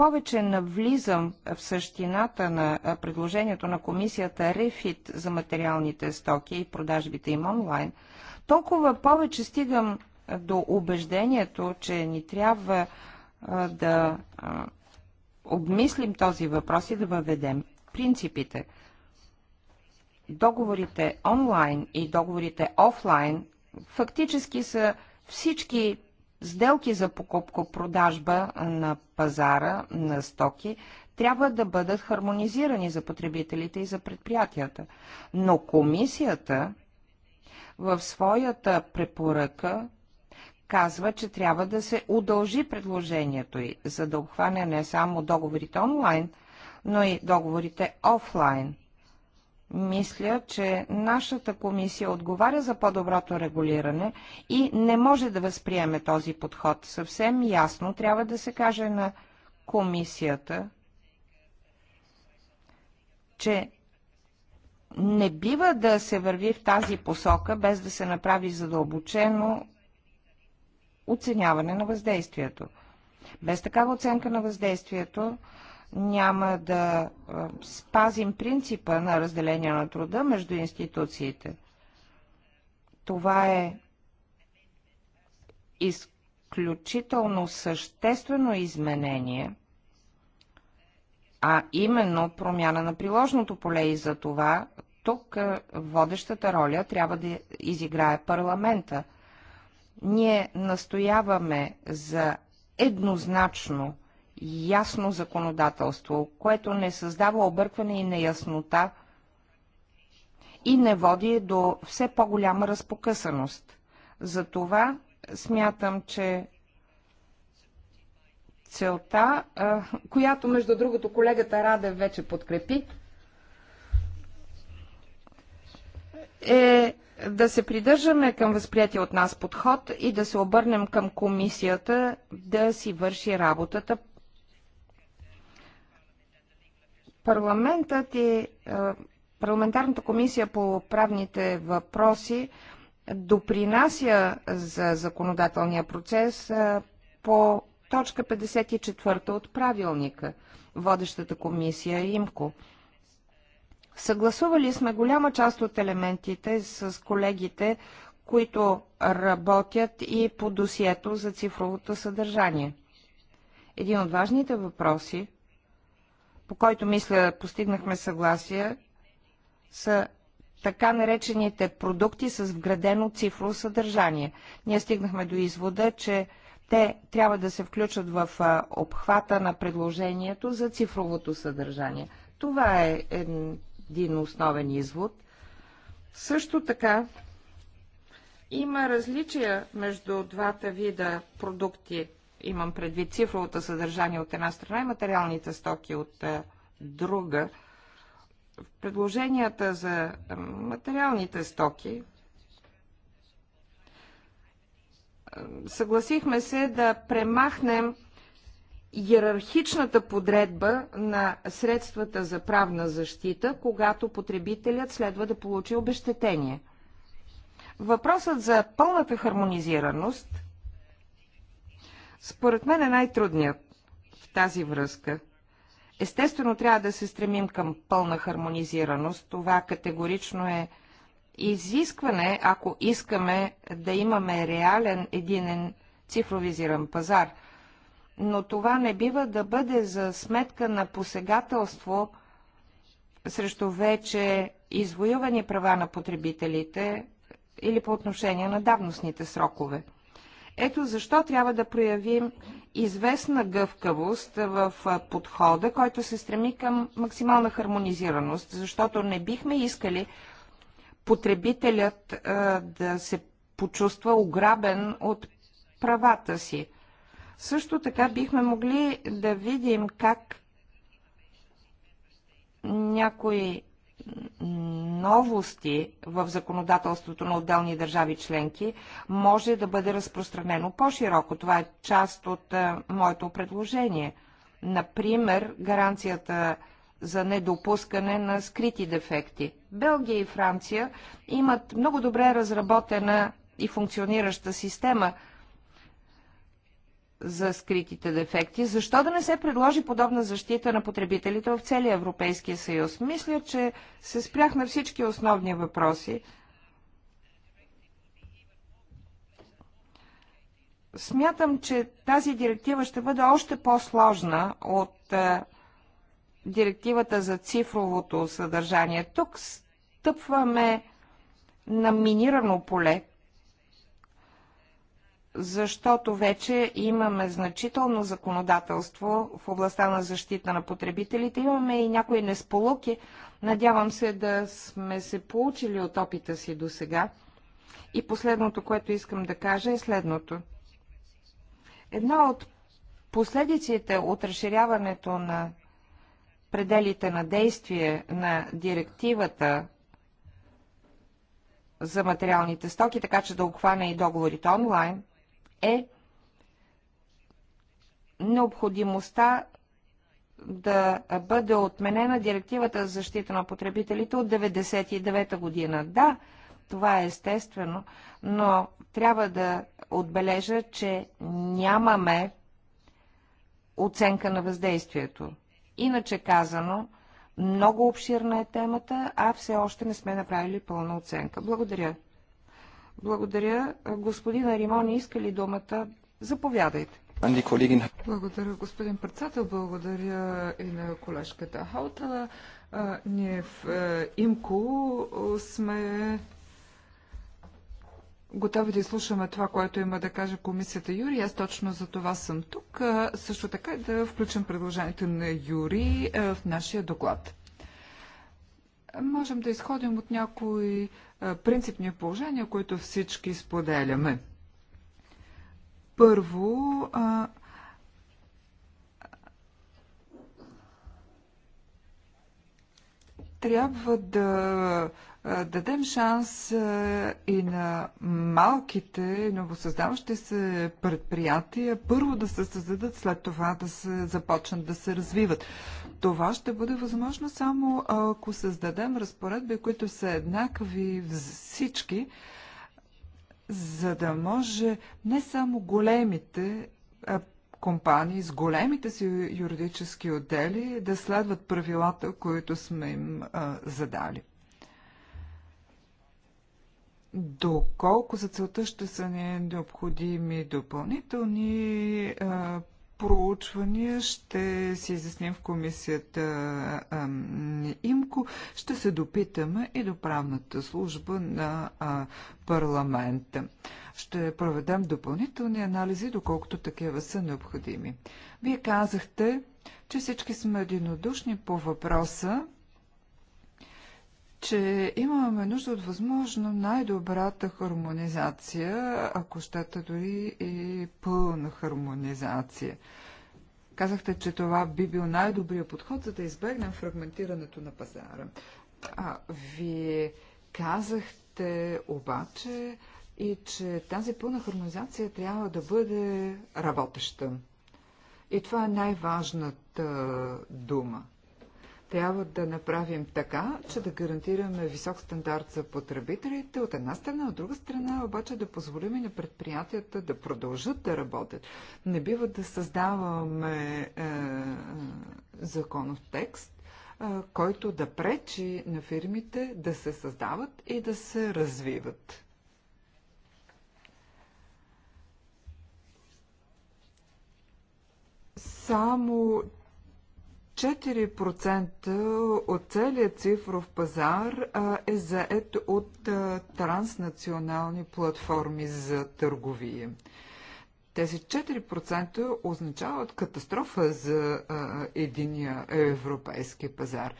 повече навлизам в същината на предложението на комисията Рефит за материалните стоки и продажбите им онлайн, толкова повече стигам до убеждението, че ни трябва да обмислим този въпрос и да въведем принципите. Договорите онлайн и договорите офлайн фактически са всички Сделки за покупко-продажба на пазара на стоки трябва да бъдат хармонизирани за потребителите и за предприятията. Но комисията в своята препоръка казва, че трябва да се удължи предложението й, за да обхване не само договорите онлайн, но и договорите офлайн – мисля, че нашата комисия отговаря за по-доброто регулиране и не може да възприеме този подход. Съвсем ясно трябва да се каже на комисията, че не бива да се върви в тази посока, без да се направи задълбочено оценяване на въздействието. Без такава оценка на въздействието, няма да спазим принципа на разделение на труда между институциите. Това е изключително съществено изменение, а именно промяна на приложното поле и за това тук водещата роля трябва да изиграе парламента. Ние настояваме за еднозначно ясно законодателство, което не създава объркване и неяснота и не води до все по-голяма разпокъсаност. Затова смятам, че целта, която между другото колегата Радев вече подкрепи, е да се придържаме към възприятие от нас подход и да се обърнем към комисията да си върши работата Парламентът и парламентарната комисия по правните въпроси допринася за законодателния процес по точка 54 от правилника, водещата комисия ИМКО. Съгласували сме голяма част от елементите с колегите, които работят и по досието за цифровото съдържание. Един от важните въпроси – по който мисля постигнахме съгласие, са така наречените продукти с вградено цифрово съдържание. Ние стигнахме до извода, че те трябва да се включат в обхвата на предложението за цифровото съдържание. Това е един основен извод. Също така има различия между двата вида продукти – имам предвид цифровото съдържание от една страна и материалните стоки от е, друга. Предложенията за е, материалните стоки е, съгласихме се да премахнем иерархичната подредба на средствата за правна защита, когато потребителят следва да получи обещетение. Въпросът за пълната хармонизираност според мен е най-трудният в тази връзка. Естествено, трябва да се стремим към пълна хармонизираност. Това категорично е изискване, ако искаме да имаме реален единен цифровизиран пазар. Но това не бива да бъде за сметка на посегателство срещу вече извоювани права на потребителите или по отношение на давностните срокове. Ето защо трябва да проявим известна гъвкавост в подхода, който се стреми към максимална хармонизираност, защото не бихме искали потребителят да се почувства ограбен от правата си. Също така бихме могли да видим как някои новости в законодателството на отделни държави членки може да бъде разпространено по-широко. Това е част от а, е, моето предложение. Например, гаранцията за недопускане на скрити дефекти. Белгия и Франция имат много добре разработена и функционираща система – за скритите дефекти, защо да не се предложи подобна защита на потребителите в целия Европейския съюз? Мисля, че се спрях на всички основни въпроси. Смятам, че тази директива ще бъде още по-сложна от е, директивата за цифровото съдържание. Тук стъпваме на минирано поле, защото вече имаме значително законодателство в областта на защита на потребителите. Имаме и някои несполуки. Надявам се да сме се получили от опита си до сега. И последното, което искам да кажа е следното. Една от последиците от разширяването на пределите на действие на директивата за материалните стоки, така че да обхване и договорите онлайн, е необходимостта да бъде отменена директивата за защита на потребителите от 1999 година. Да, това е естествено, но трябва да отбележа, че нямаме оценка на въздействието. Иначе казано, много обширна е темата, а все още не сме направили пълна оценка. Благодаря. Благодаря. Господина Римони иска ли думата? Заповядайте. Благодаря, господин председател. Благодаря и на колежката Хаутала. Ние в е, ИМКО сме готови да изслушаме това, което има да каже комисията Юри. Аз точно за това съм тук. Също така и да включим предложението на Юри е, в нашия доклад. Можем да изходим от някои принципни положения, които всички споделяме. Първо, а, трябва да дадем шанс и на малките новосъздаващи се предприятия първо да се създадат, след това да се започнат да се развиват. Това ще бъде възможно само ако създадем разпоредби, които са еднакви всички, за да може не само големите компании с големите си юридически отдели да следват правилата, които сме им а, задали. Доколко за целта ще са ни необходими допълнителни а, проучвания, ще си изясним в комисията а, ИМКО, ще се допитаме и до правната служба на а, парламента. Ще проведем допълнителни анализи, доколкото такива са необходими. Вие казахте, че всички сме единодушни по въпроса, че имаме нужда от възможно най-добрата хармонизация, ако щете дори и пълна хармонизация. Казахте, че това би бил най-добрият подход, за да избегнем фрагментирането на пазара. А, вие казахте обаче, и че тази пълна хармонизация трябва да бъде работеща. И това е най-важната дума. Трябва да направим така, че да гарантираме висок стандарт за потребителите от една страна, от друга страна обаче да позволим и на предприятията да продължат да работят. Не бива да създаваме е, законов текст, е, който да пречи на фирмите да се създават и да се развиват. Само 4% от целия цифров пазар е заед от транснационални платформи за търговия. Тези 4% означават катастрофа за единия европейски пазар.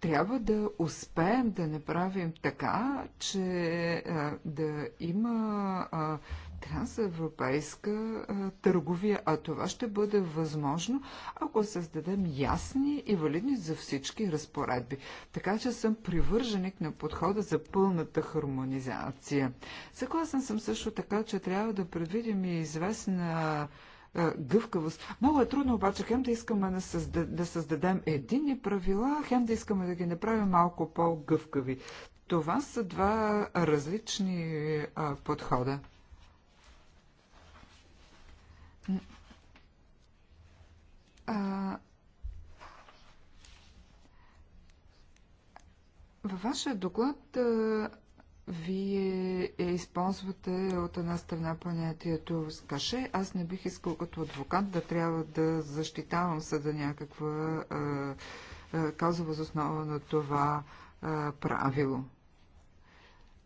Трябва да успеем да направим така, че да има трансевропейска търговия, а това ще бъде възможно, ако създадем ясни и валидни за всички разпоредби. Така че съм привърженик на подхода за пълната хармонизация. Съгласен съм също така, че трябва да предвидим и известна гъвкавост. Много е трудно обаче хем да искаме да, създад... да създадем едини правила, хем да искаме да ги направим малко по-гъвкави. Това са два различни а, подхода. А, във вашия доклад а, вие използвате от една страна понятието скаше. каше. Аз не бих искал като адвокат да трябва да защитавам съда някаква казва за основа на това а, правило.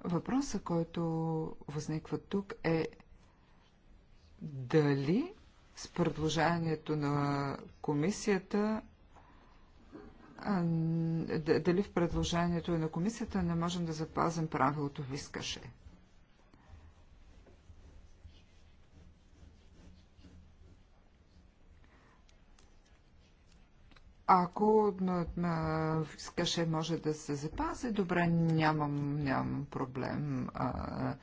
Въпросът, който възниква тук е дали с предложението на комисията дали в предложението на комисията не можем да запазим правилото вискаше. Ако на, на вискаше може да се запази, добре, нямам, нямам проблем а,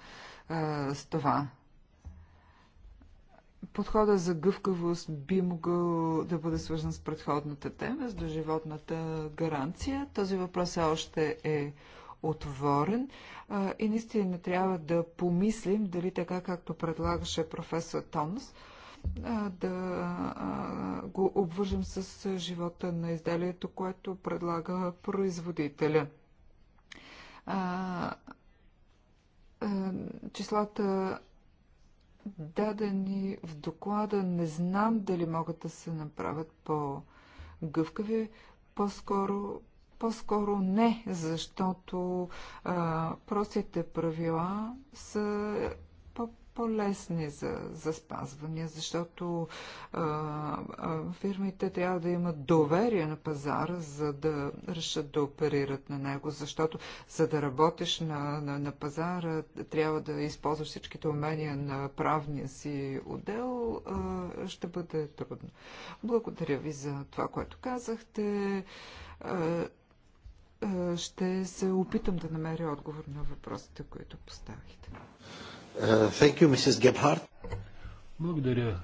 а, с това подхода за гъвкавост би могъл да бъде свързан с предходната тема, с доживотната гаранция. Този въпрос още е отворен а, и наистина трябва да помислим дали така, както предлагаше професор Томс, да а, го обвържем с живота на изделието, което предлага производителя. А, а, числата дадени в доклада, не знам дали могат да се направят по-гъвкави, по-скоро по-скоро не, защото а, простите правила са по-лесни за, за спазване, защото а, а, фирмите трябва да имат доверие на пазара, за да решат да оперират на него, защото за да работиш на, на, на пазара, трябва да използваш всичките умения на правния си отдел, а, ще бъде трудно. Благодаря ви за това, което казахте. А, а ще се опитам да намеря отговор на въпросите, които поставихте. Uh, thank you, Mrs. Gebhardt. Благодаря.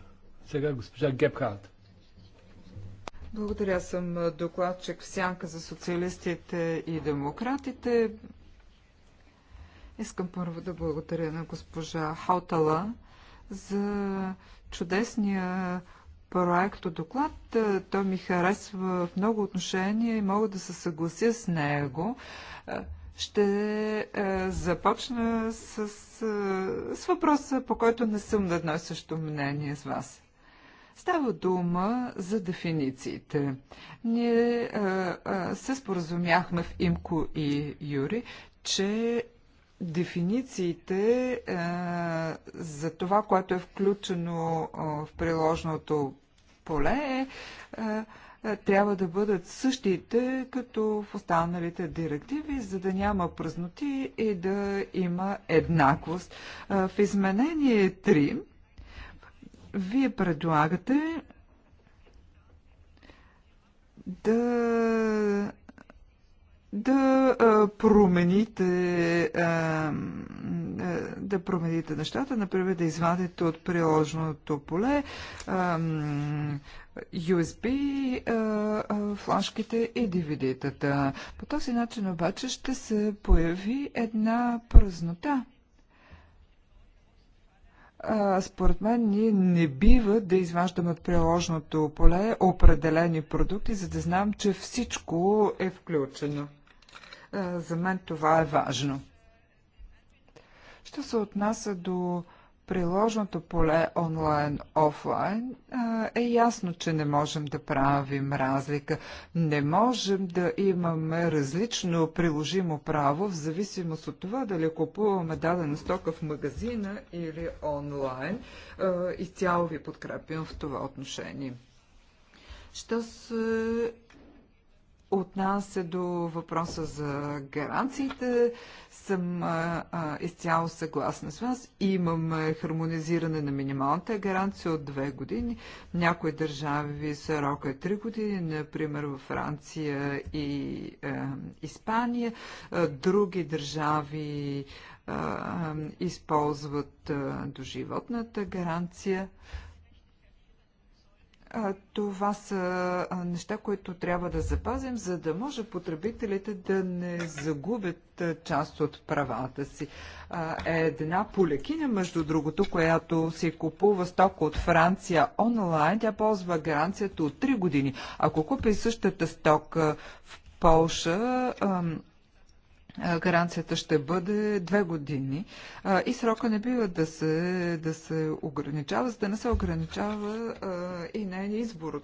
Сега госпожа Гебхард. Благодаря съм докладчик в сянка за социалистите и демократите. Искам първо да благодаря на госпожа Хаутала за чудесния от доклад. Той ми харесва в много отношения и мога да се съглася с него. Ще е, започна с, е, с въпроса, по който не съм на едно и също мнение с вас. Става дума за дефинициите. Ние а, е, а, се споразумяхме в Имко и Юри, че дефинициите а, за това, което е включено а, в приложното поле е а, е, трябва да бъдат същите, като в останалите директиви, за да няма празноти и да има еднаквост. Е, в изменение 3 вие предлагате да да е, промените да промените нещата, например да извадите от приложеното поле USB флашките и DVD-тата. По този начин обаче ще се появи една празнота. Според мен ние не бива да изваждаме от приложното поле определени продукти, за да знам, че всичко е включено. За мен това е важно. Що се отнася до приложното поле онлайн-офлайн е ясно, че не можем да правим разлика. Не можем да имаме различно приложимо право в зависимост от това дали купуваме дадена стока в магазина или онлайн. Изцяло ви подкрепям в това отношение. Що се отнася до въпроса за гаранциите, съм а, а, изцяло съгласна с вас. Имаме хармонизиране на минималната гаранция от две години. Някои държави срока е три години, например във Франция и а, Испания. А, други държави а, а, използват а, доживотната гаранция. А, това са неща, които трябва да запазим, за да може потребителите да не загубят част от правата си. Е една полекиня между другото, която си купува стока от Франция онлайн, тя ползва гаранцията от 3 години. Ако купи същата стока в Полша, гаранцията ще бъде две години и срока не бива да се, да се ограничава, за да не се ограничава и нейния е избор,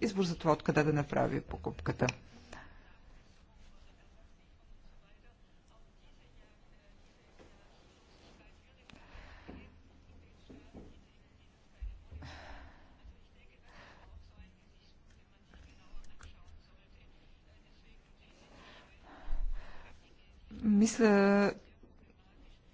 избор за това откъде да направи покупката. Мисля,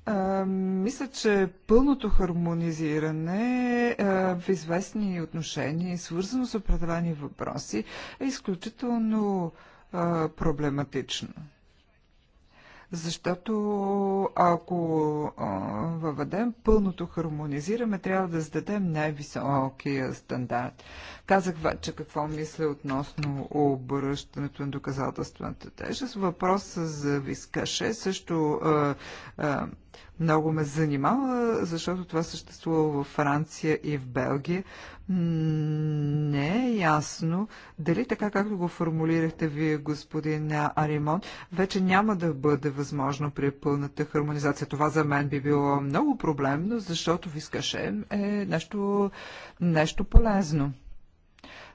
а, мисля, че пълното хармонизиране а, в известни отношения, свързано с определени въпроси, е изключително а, проблематично. Защото ако въведем пълното хармонизираме, трябва да зададем най-високия стандарт. Казах вече какво мисля относно обръщането на доказателствената тежест. Въпросът за вискаше също а, а, много ме занимава, защото това съществува във Франция и в Белгия. Не е ясно дали така както го формулирахте вие, господин Аримон, вече няма да бъде възможно при пълната хармонизация. Това за мен би било много проблемно, защото вискаше, е нещо, нещо полезно.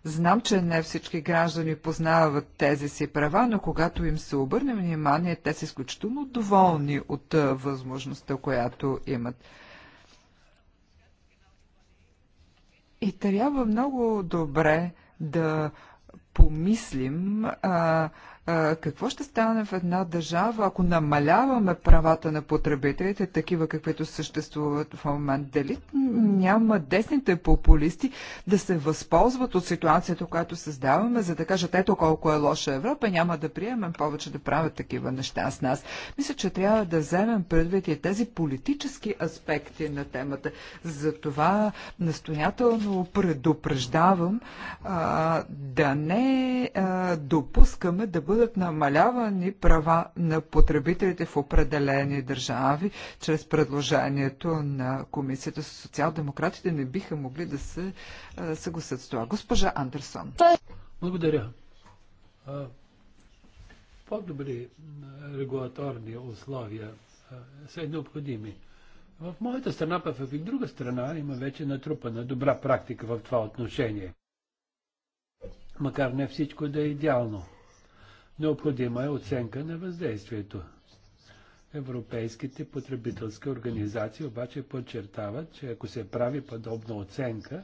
Знам, че не всички граждани познават тези си права, но когато им се обърне внимание, те са изключително доволни от възможността, която имат. И трябва много добре да помислим а, какво ще стане в една държава, ако намаляваме правата на потребителите, такива каквито съществуват в момент? Дали няма десните популисти да се възползват от ситуацията, която създаваме, за да кажат ето колко е лоша Европа, няма да приемем повече да правят такива неща с нас. Мисля, че трябва да вземем предвид и тези политически аспекти на темата. Затова настоятелно предупреждавам а, да не а, допускаме да бъдем бъдат намалявани права на потребителите в определени държави, чрез предложението на Комисията с социал-демократите не биха могли да се съгласят с това. Госпожа Андерсон. Благодаря. По-добри регулаторни условия са необходими. В моята страна, пък в друга страна, има вече натрупана добра практика в това отношение. Макар не всичко да е идеално. Необходима е оценка на въздействието. Европейските потребителски организации обаче подчертават, че ако се прави подобна оценка,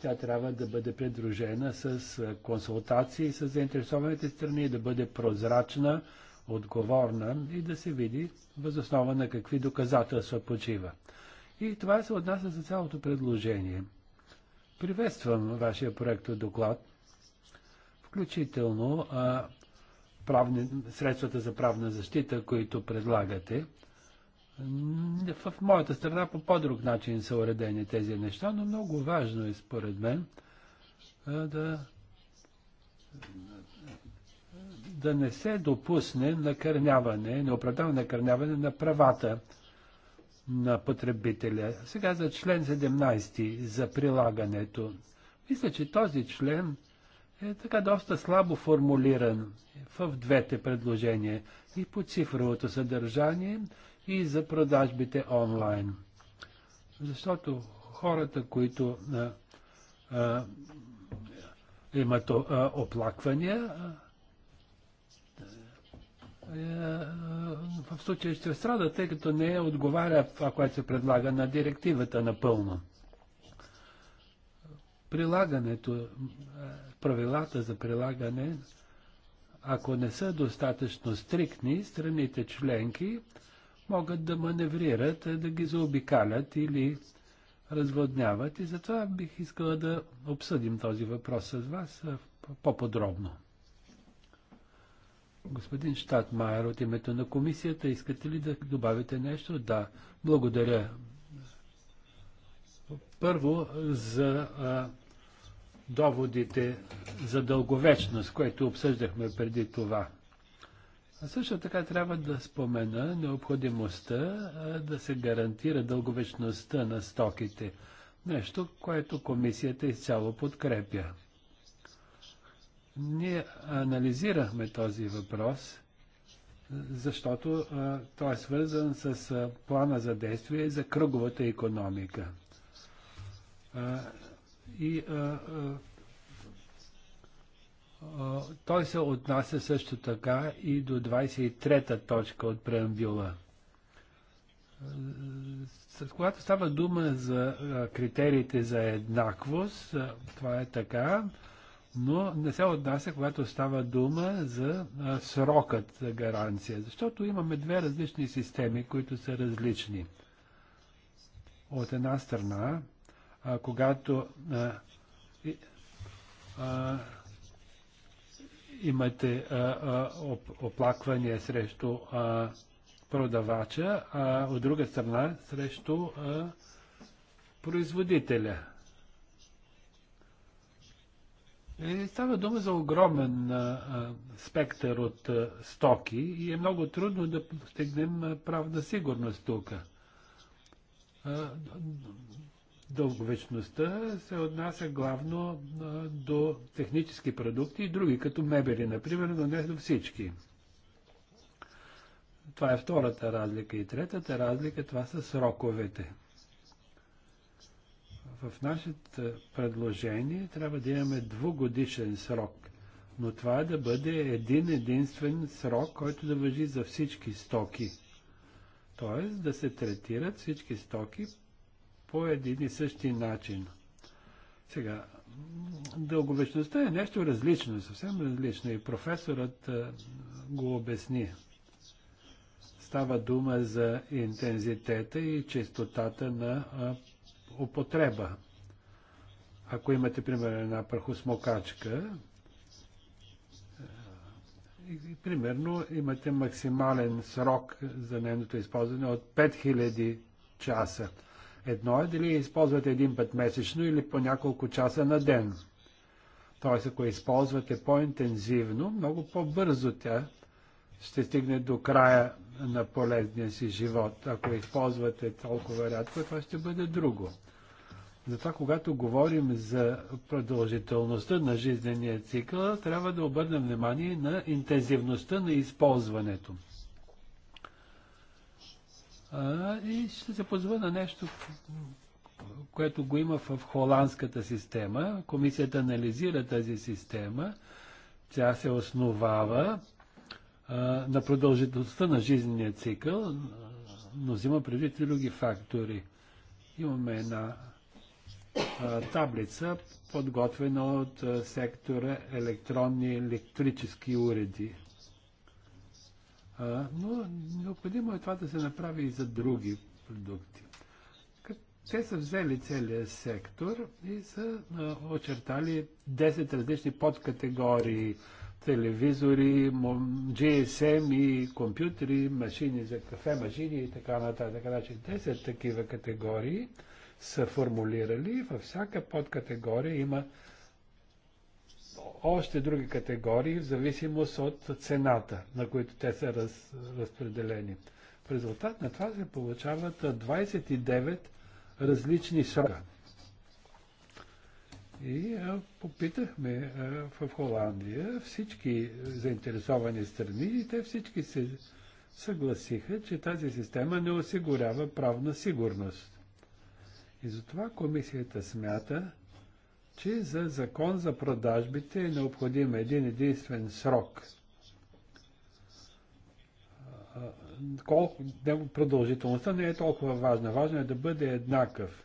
тя трябва да бъде придружена с консултации с заинтересованите страни, да бъде прозрачна, отговорна и да се види възоснова на какви доказателства почива. И това се отнася за цялото предложение. Приветствам вашия проект доклад, включително а, правни, средствата за правна защита, които предлагате. В моята страна по по-друг начин са уредени тези неща, но много важно е според мен да, да не се допусне накърняване, неоправдано накърняване на правата на потребителя. Сега за член 17, за прилагането. Мисля, че този член е така доста слабо формулиран в двете предложения и по цифровото съдържание и за продажбите онлайн. Защото хората, които а, а, имат а, оплаквания, е, е, в случая ще страда, тъй като не отговаря това, което се предлага на директивата напълно. Прилагането правилата за прилагане, ако не са достатъчно стриктни, страните членки могат да маневрират, да ги заобикалят или разводняват. И затова бих искала да обсъдим този въпрос с вас по-подробно. Господин Штатмайер, от името на комисията, искате ли да добавите нещо? Да, благодаря. Първо, за доводите за дълговечност, което обсъждахме преди това. А също така трябва да спомена необходимостта да се гарантира дълговечността на стоките. Нещо, което комисията изцяло подкрепя. Ние анализирахме този въпрос, защото а, той е свързан с а, плана за действие за кръговата економика. И а, а, а, той се отнася също така и до 23-та точка от преамбюла. Когато става дума за критериите за еднаквост, това е така, но не се отнася, когато става дума за срокът за гаранция, защото имаме две различни системи, които са различни. От една страна, а, когато а, а, имате а, а, оплакване срещу а, продавача, а от друга страна срещу а, производителя. И е, става дума за огромен а, спектър от а, стоки и е много трудно да постигнем правна сигурност тук. Дълговечността се отнася главно а, до технически продукти и други, като мебели, например, но не до всички. Това е втората разлика. И третата разлика, това са сроковете. В нашето предложение трябва да имаме двугодишен срок, но това е да бъде един единствен срок, който да въжи за всички стоки. Тоест да се третират всички стоки по един и същи начин. Сега, дълговечността е нещо различно, съвсем различно и професорът е, го обясни. Става дума за интензитета и чистотата на е, употреба. Ако имате, примерно, една прахосмокачка, е, и, примерно имате максимален срок за нейното използване от 5000 часа. Едно е дали използвате един път месечно или по няколко часа на ден. Т.е. ако използвате по-интензивно, много по-бързо тя ще стигне до края на полезния си живот. Ако използвате толкова рядко, това ще бъде друго. Затова, когато говорим за продължителността на жизнения цикъл, трябва да обърнем внимание на интензивността на използването и ще се позва на нещо, което го има в холандската система. Комисията анализира тази система. Тя се основава на продължителността на жизнения цикъл, но взима предвид и други фактори. Имаме една таблица, подготвена от сектора електронни електрически уреди. А, но необходимо е това да се направи и за други продукти. Те са взели целият сектор и са а, очертали 10 различни подкатегории телевизори, GSM и компютри, машини за кафе, машини и така нататък. Значи 10 такива категории са формулирали. Във всяка подкатегория има още други категории в зависимост от цената, на които те са раз, разпределени. В резултат на това се получават 29 различни срока. И а, попитахме а, в Холандия всички заинтересовани страни и те всички се съгласиха, че тази система не осигурява правна сигурност. И затова комисията смята, че за закон за продажбите е необходим един единствен срок. Колко, продължителността не е толкова важна. Важно е да бъде еднакъв.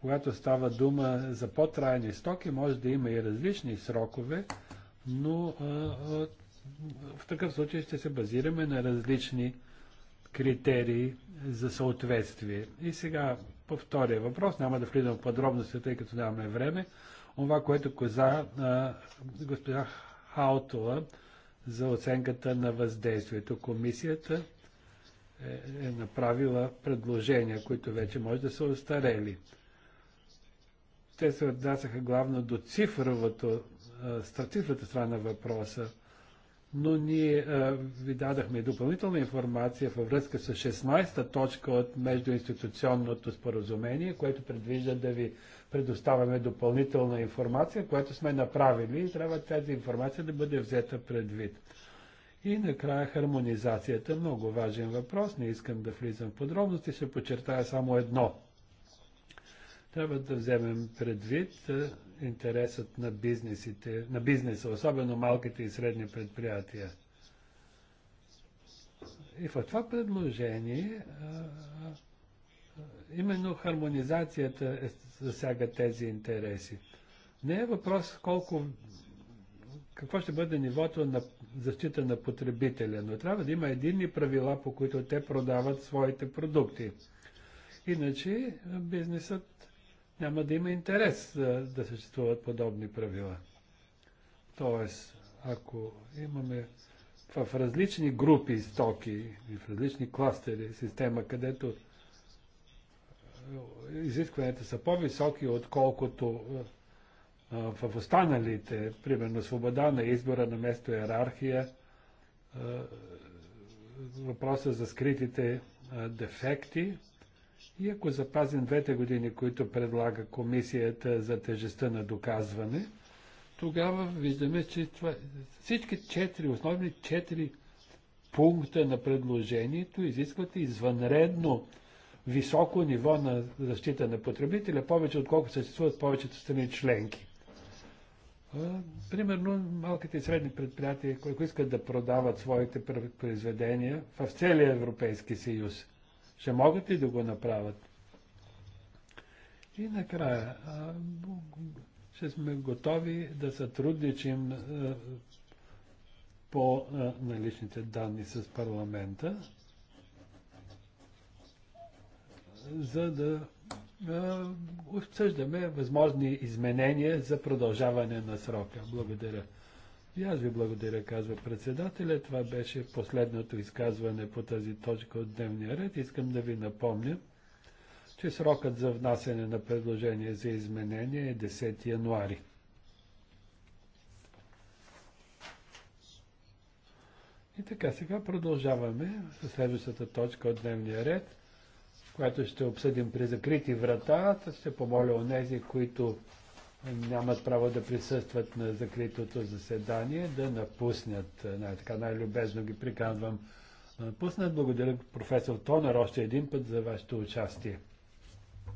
Когато става дума за по-трайни стоки, може да има и различни срокове, но а, а, в такъв случай ще се базираме на различни критерии за съответствие. И сега по втория въпрос, няма да влизам в подробности, тъй като нямаме време, това, което коза а, госпожа Хаутова за оценката на въздействието. Комисията е, е направила предложения, които вече може да са остарели. Те се отнасяха главно до цифровата цифрата страна на въпроса но ние а, ви дадахме допълнителна информация във връзка с 16-та точка от междуинституционното споразумение, което предвижда да ви предоставяме допълнителна информация, която сме направили и трябва тази информация да бъде взета предвид. И накрая хармонизацията. Много важен въпрос. Не искам да влизам в подробности. Ще подчертая само едно – трябва да вземем предвид интересът на, бизнесите, на бизнеса, особено малките и средни предприятия. И в това предложение именно хармонизацията е, засяга тези интереси. Не е въпрос колко, какво ще бъде нивото на защита на потребителя, но трябва да има единни правила, по които те продават своите продукти. Иначе бизнесът няма да има интерес да, да съществуват подобни правила. Тоест, ако имаме в различни групи стоки и в различни кластери система, където е, изискванията са по-високи, отколкото е, в останалите, примерно свобода на избора на место иерархия, е, въпроса за скритите дефекти, и ако запазим двете години, които предлага комисията за тежестта на доказване, тогава виждаме, че това, всички четири, основни четири пункта на предложението изискват извънредно високо ниво на защита на потребителя, повече отколкото съществуват повечето страни членки. Примерно, малките и средни предприятия, които искат да продават своите произведения в целия Европейски съюз, ще могат ли да го направят? И накрая, ще сме готови да сътрудничим по наличните данни с парламента, за да обсъждаме възможни изменения за продължаване на срока. Благодаря. И аз ви благодаря, казва председателя. Това беше последното изказване по тази точка от дневния ред. Искам да ви напомня, че срокът за внасяне на предложение за изменение е 10 януари. И така, сега продължаваме с следващата точка от дневния ред, която ще обсъдим при закрити врата. Ще помоля онези, които нямат право да присъстват на закритото заседание, да напуснат. Е, най- така най-любезно ги приканвам напуснат. Е, Благодаря професор Тонер още един път за вашето участие.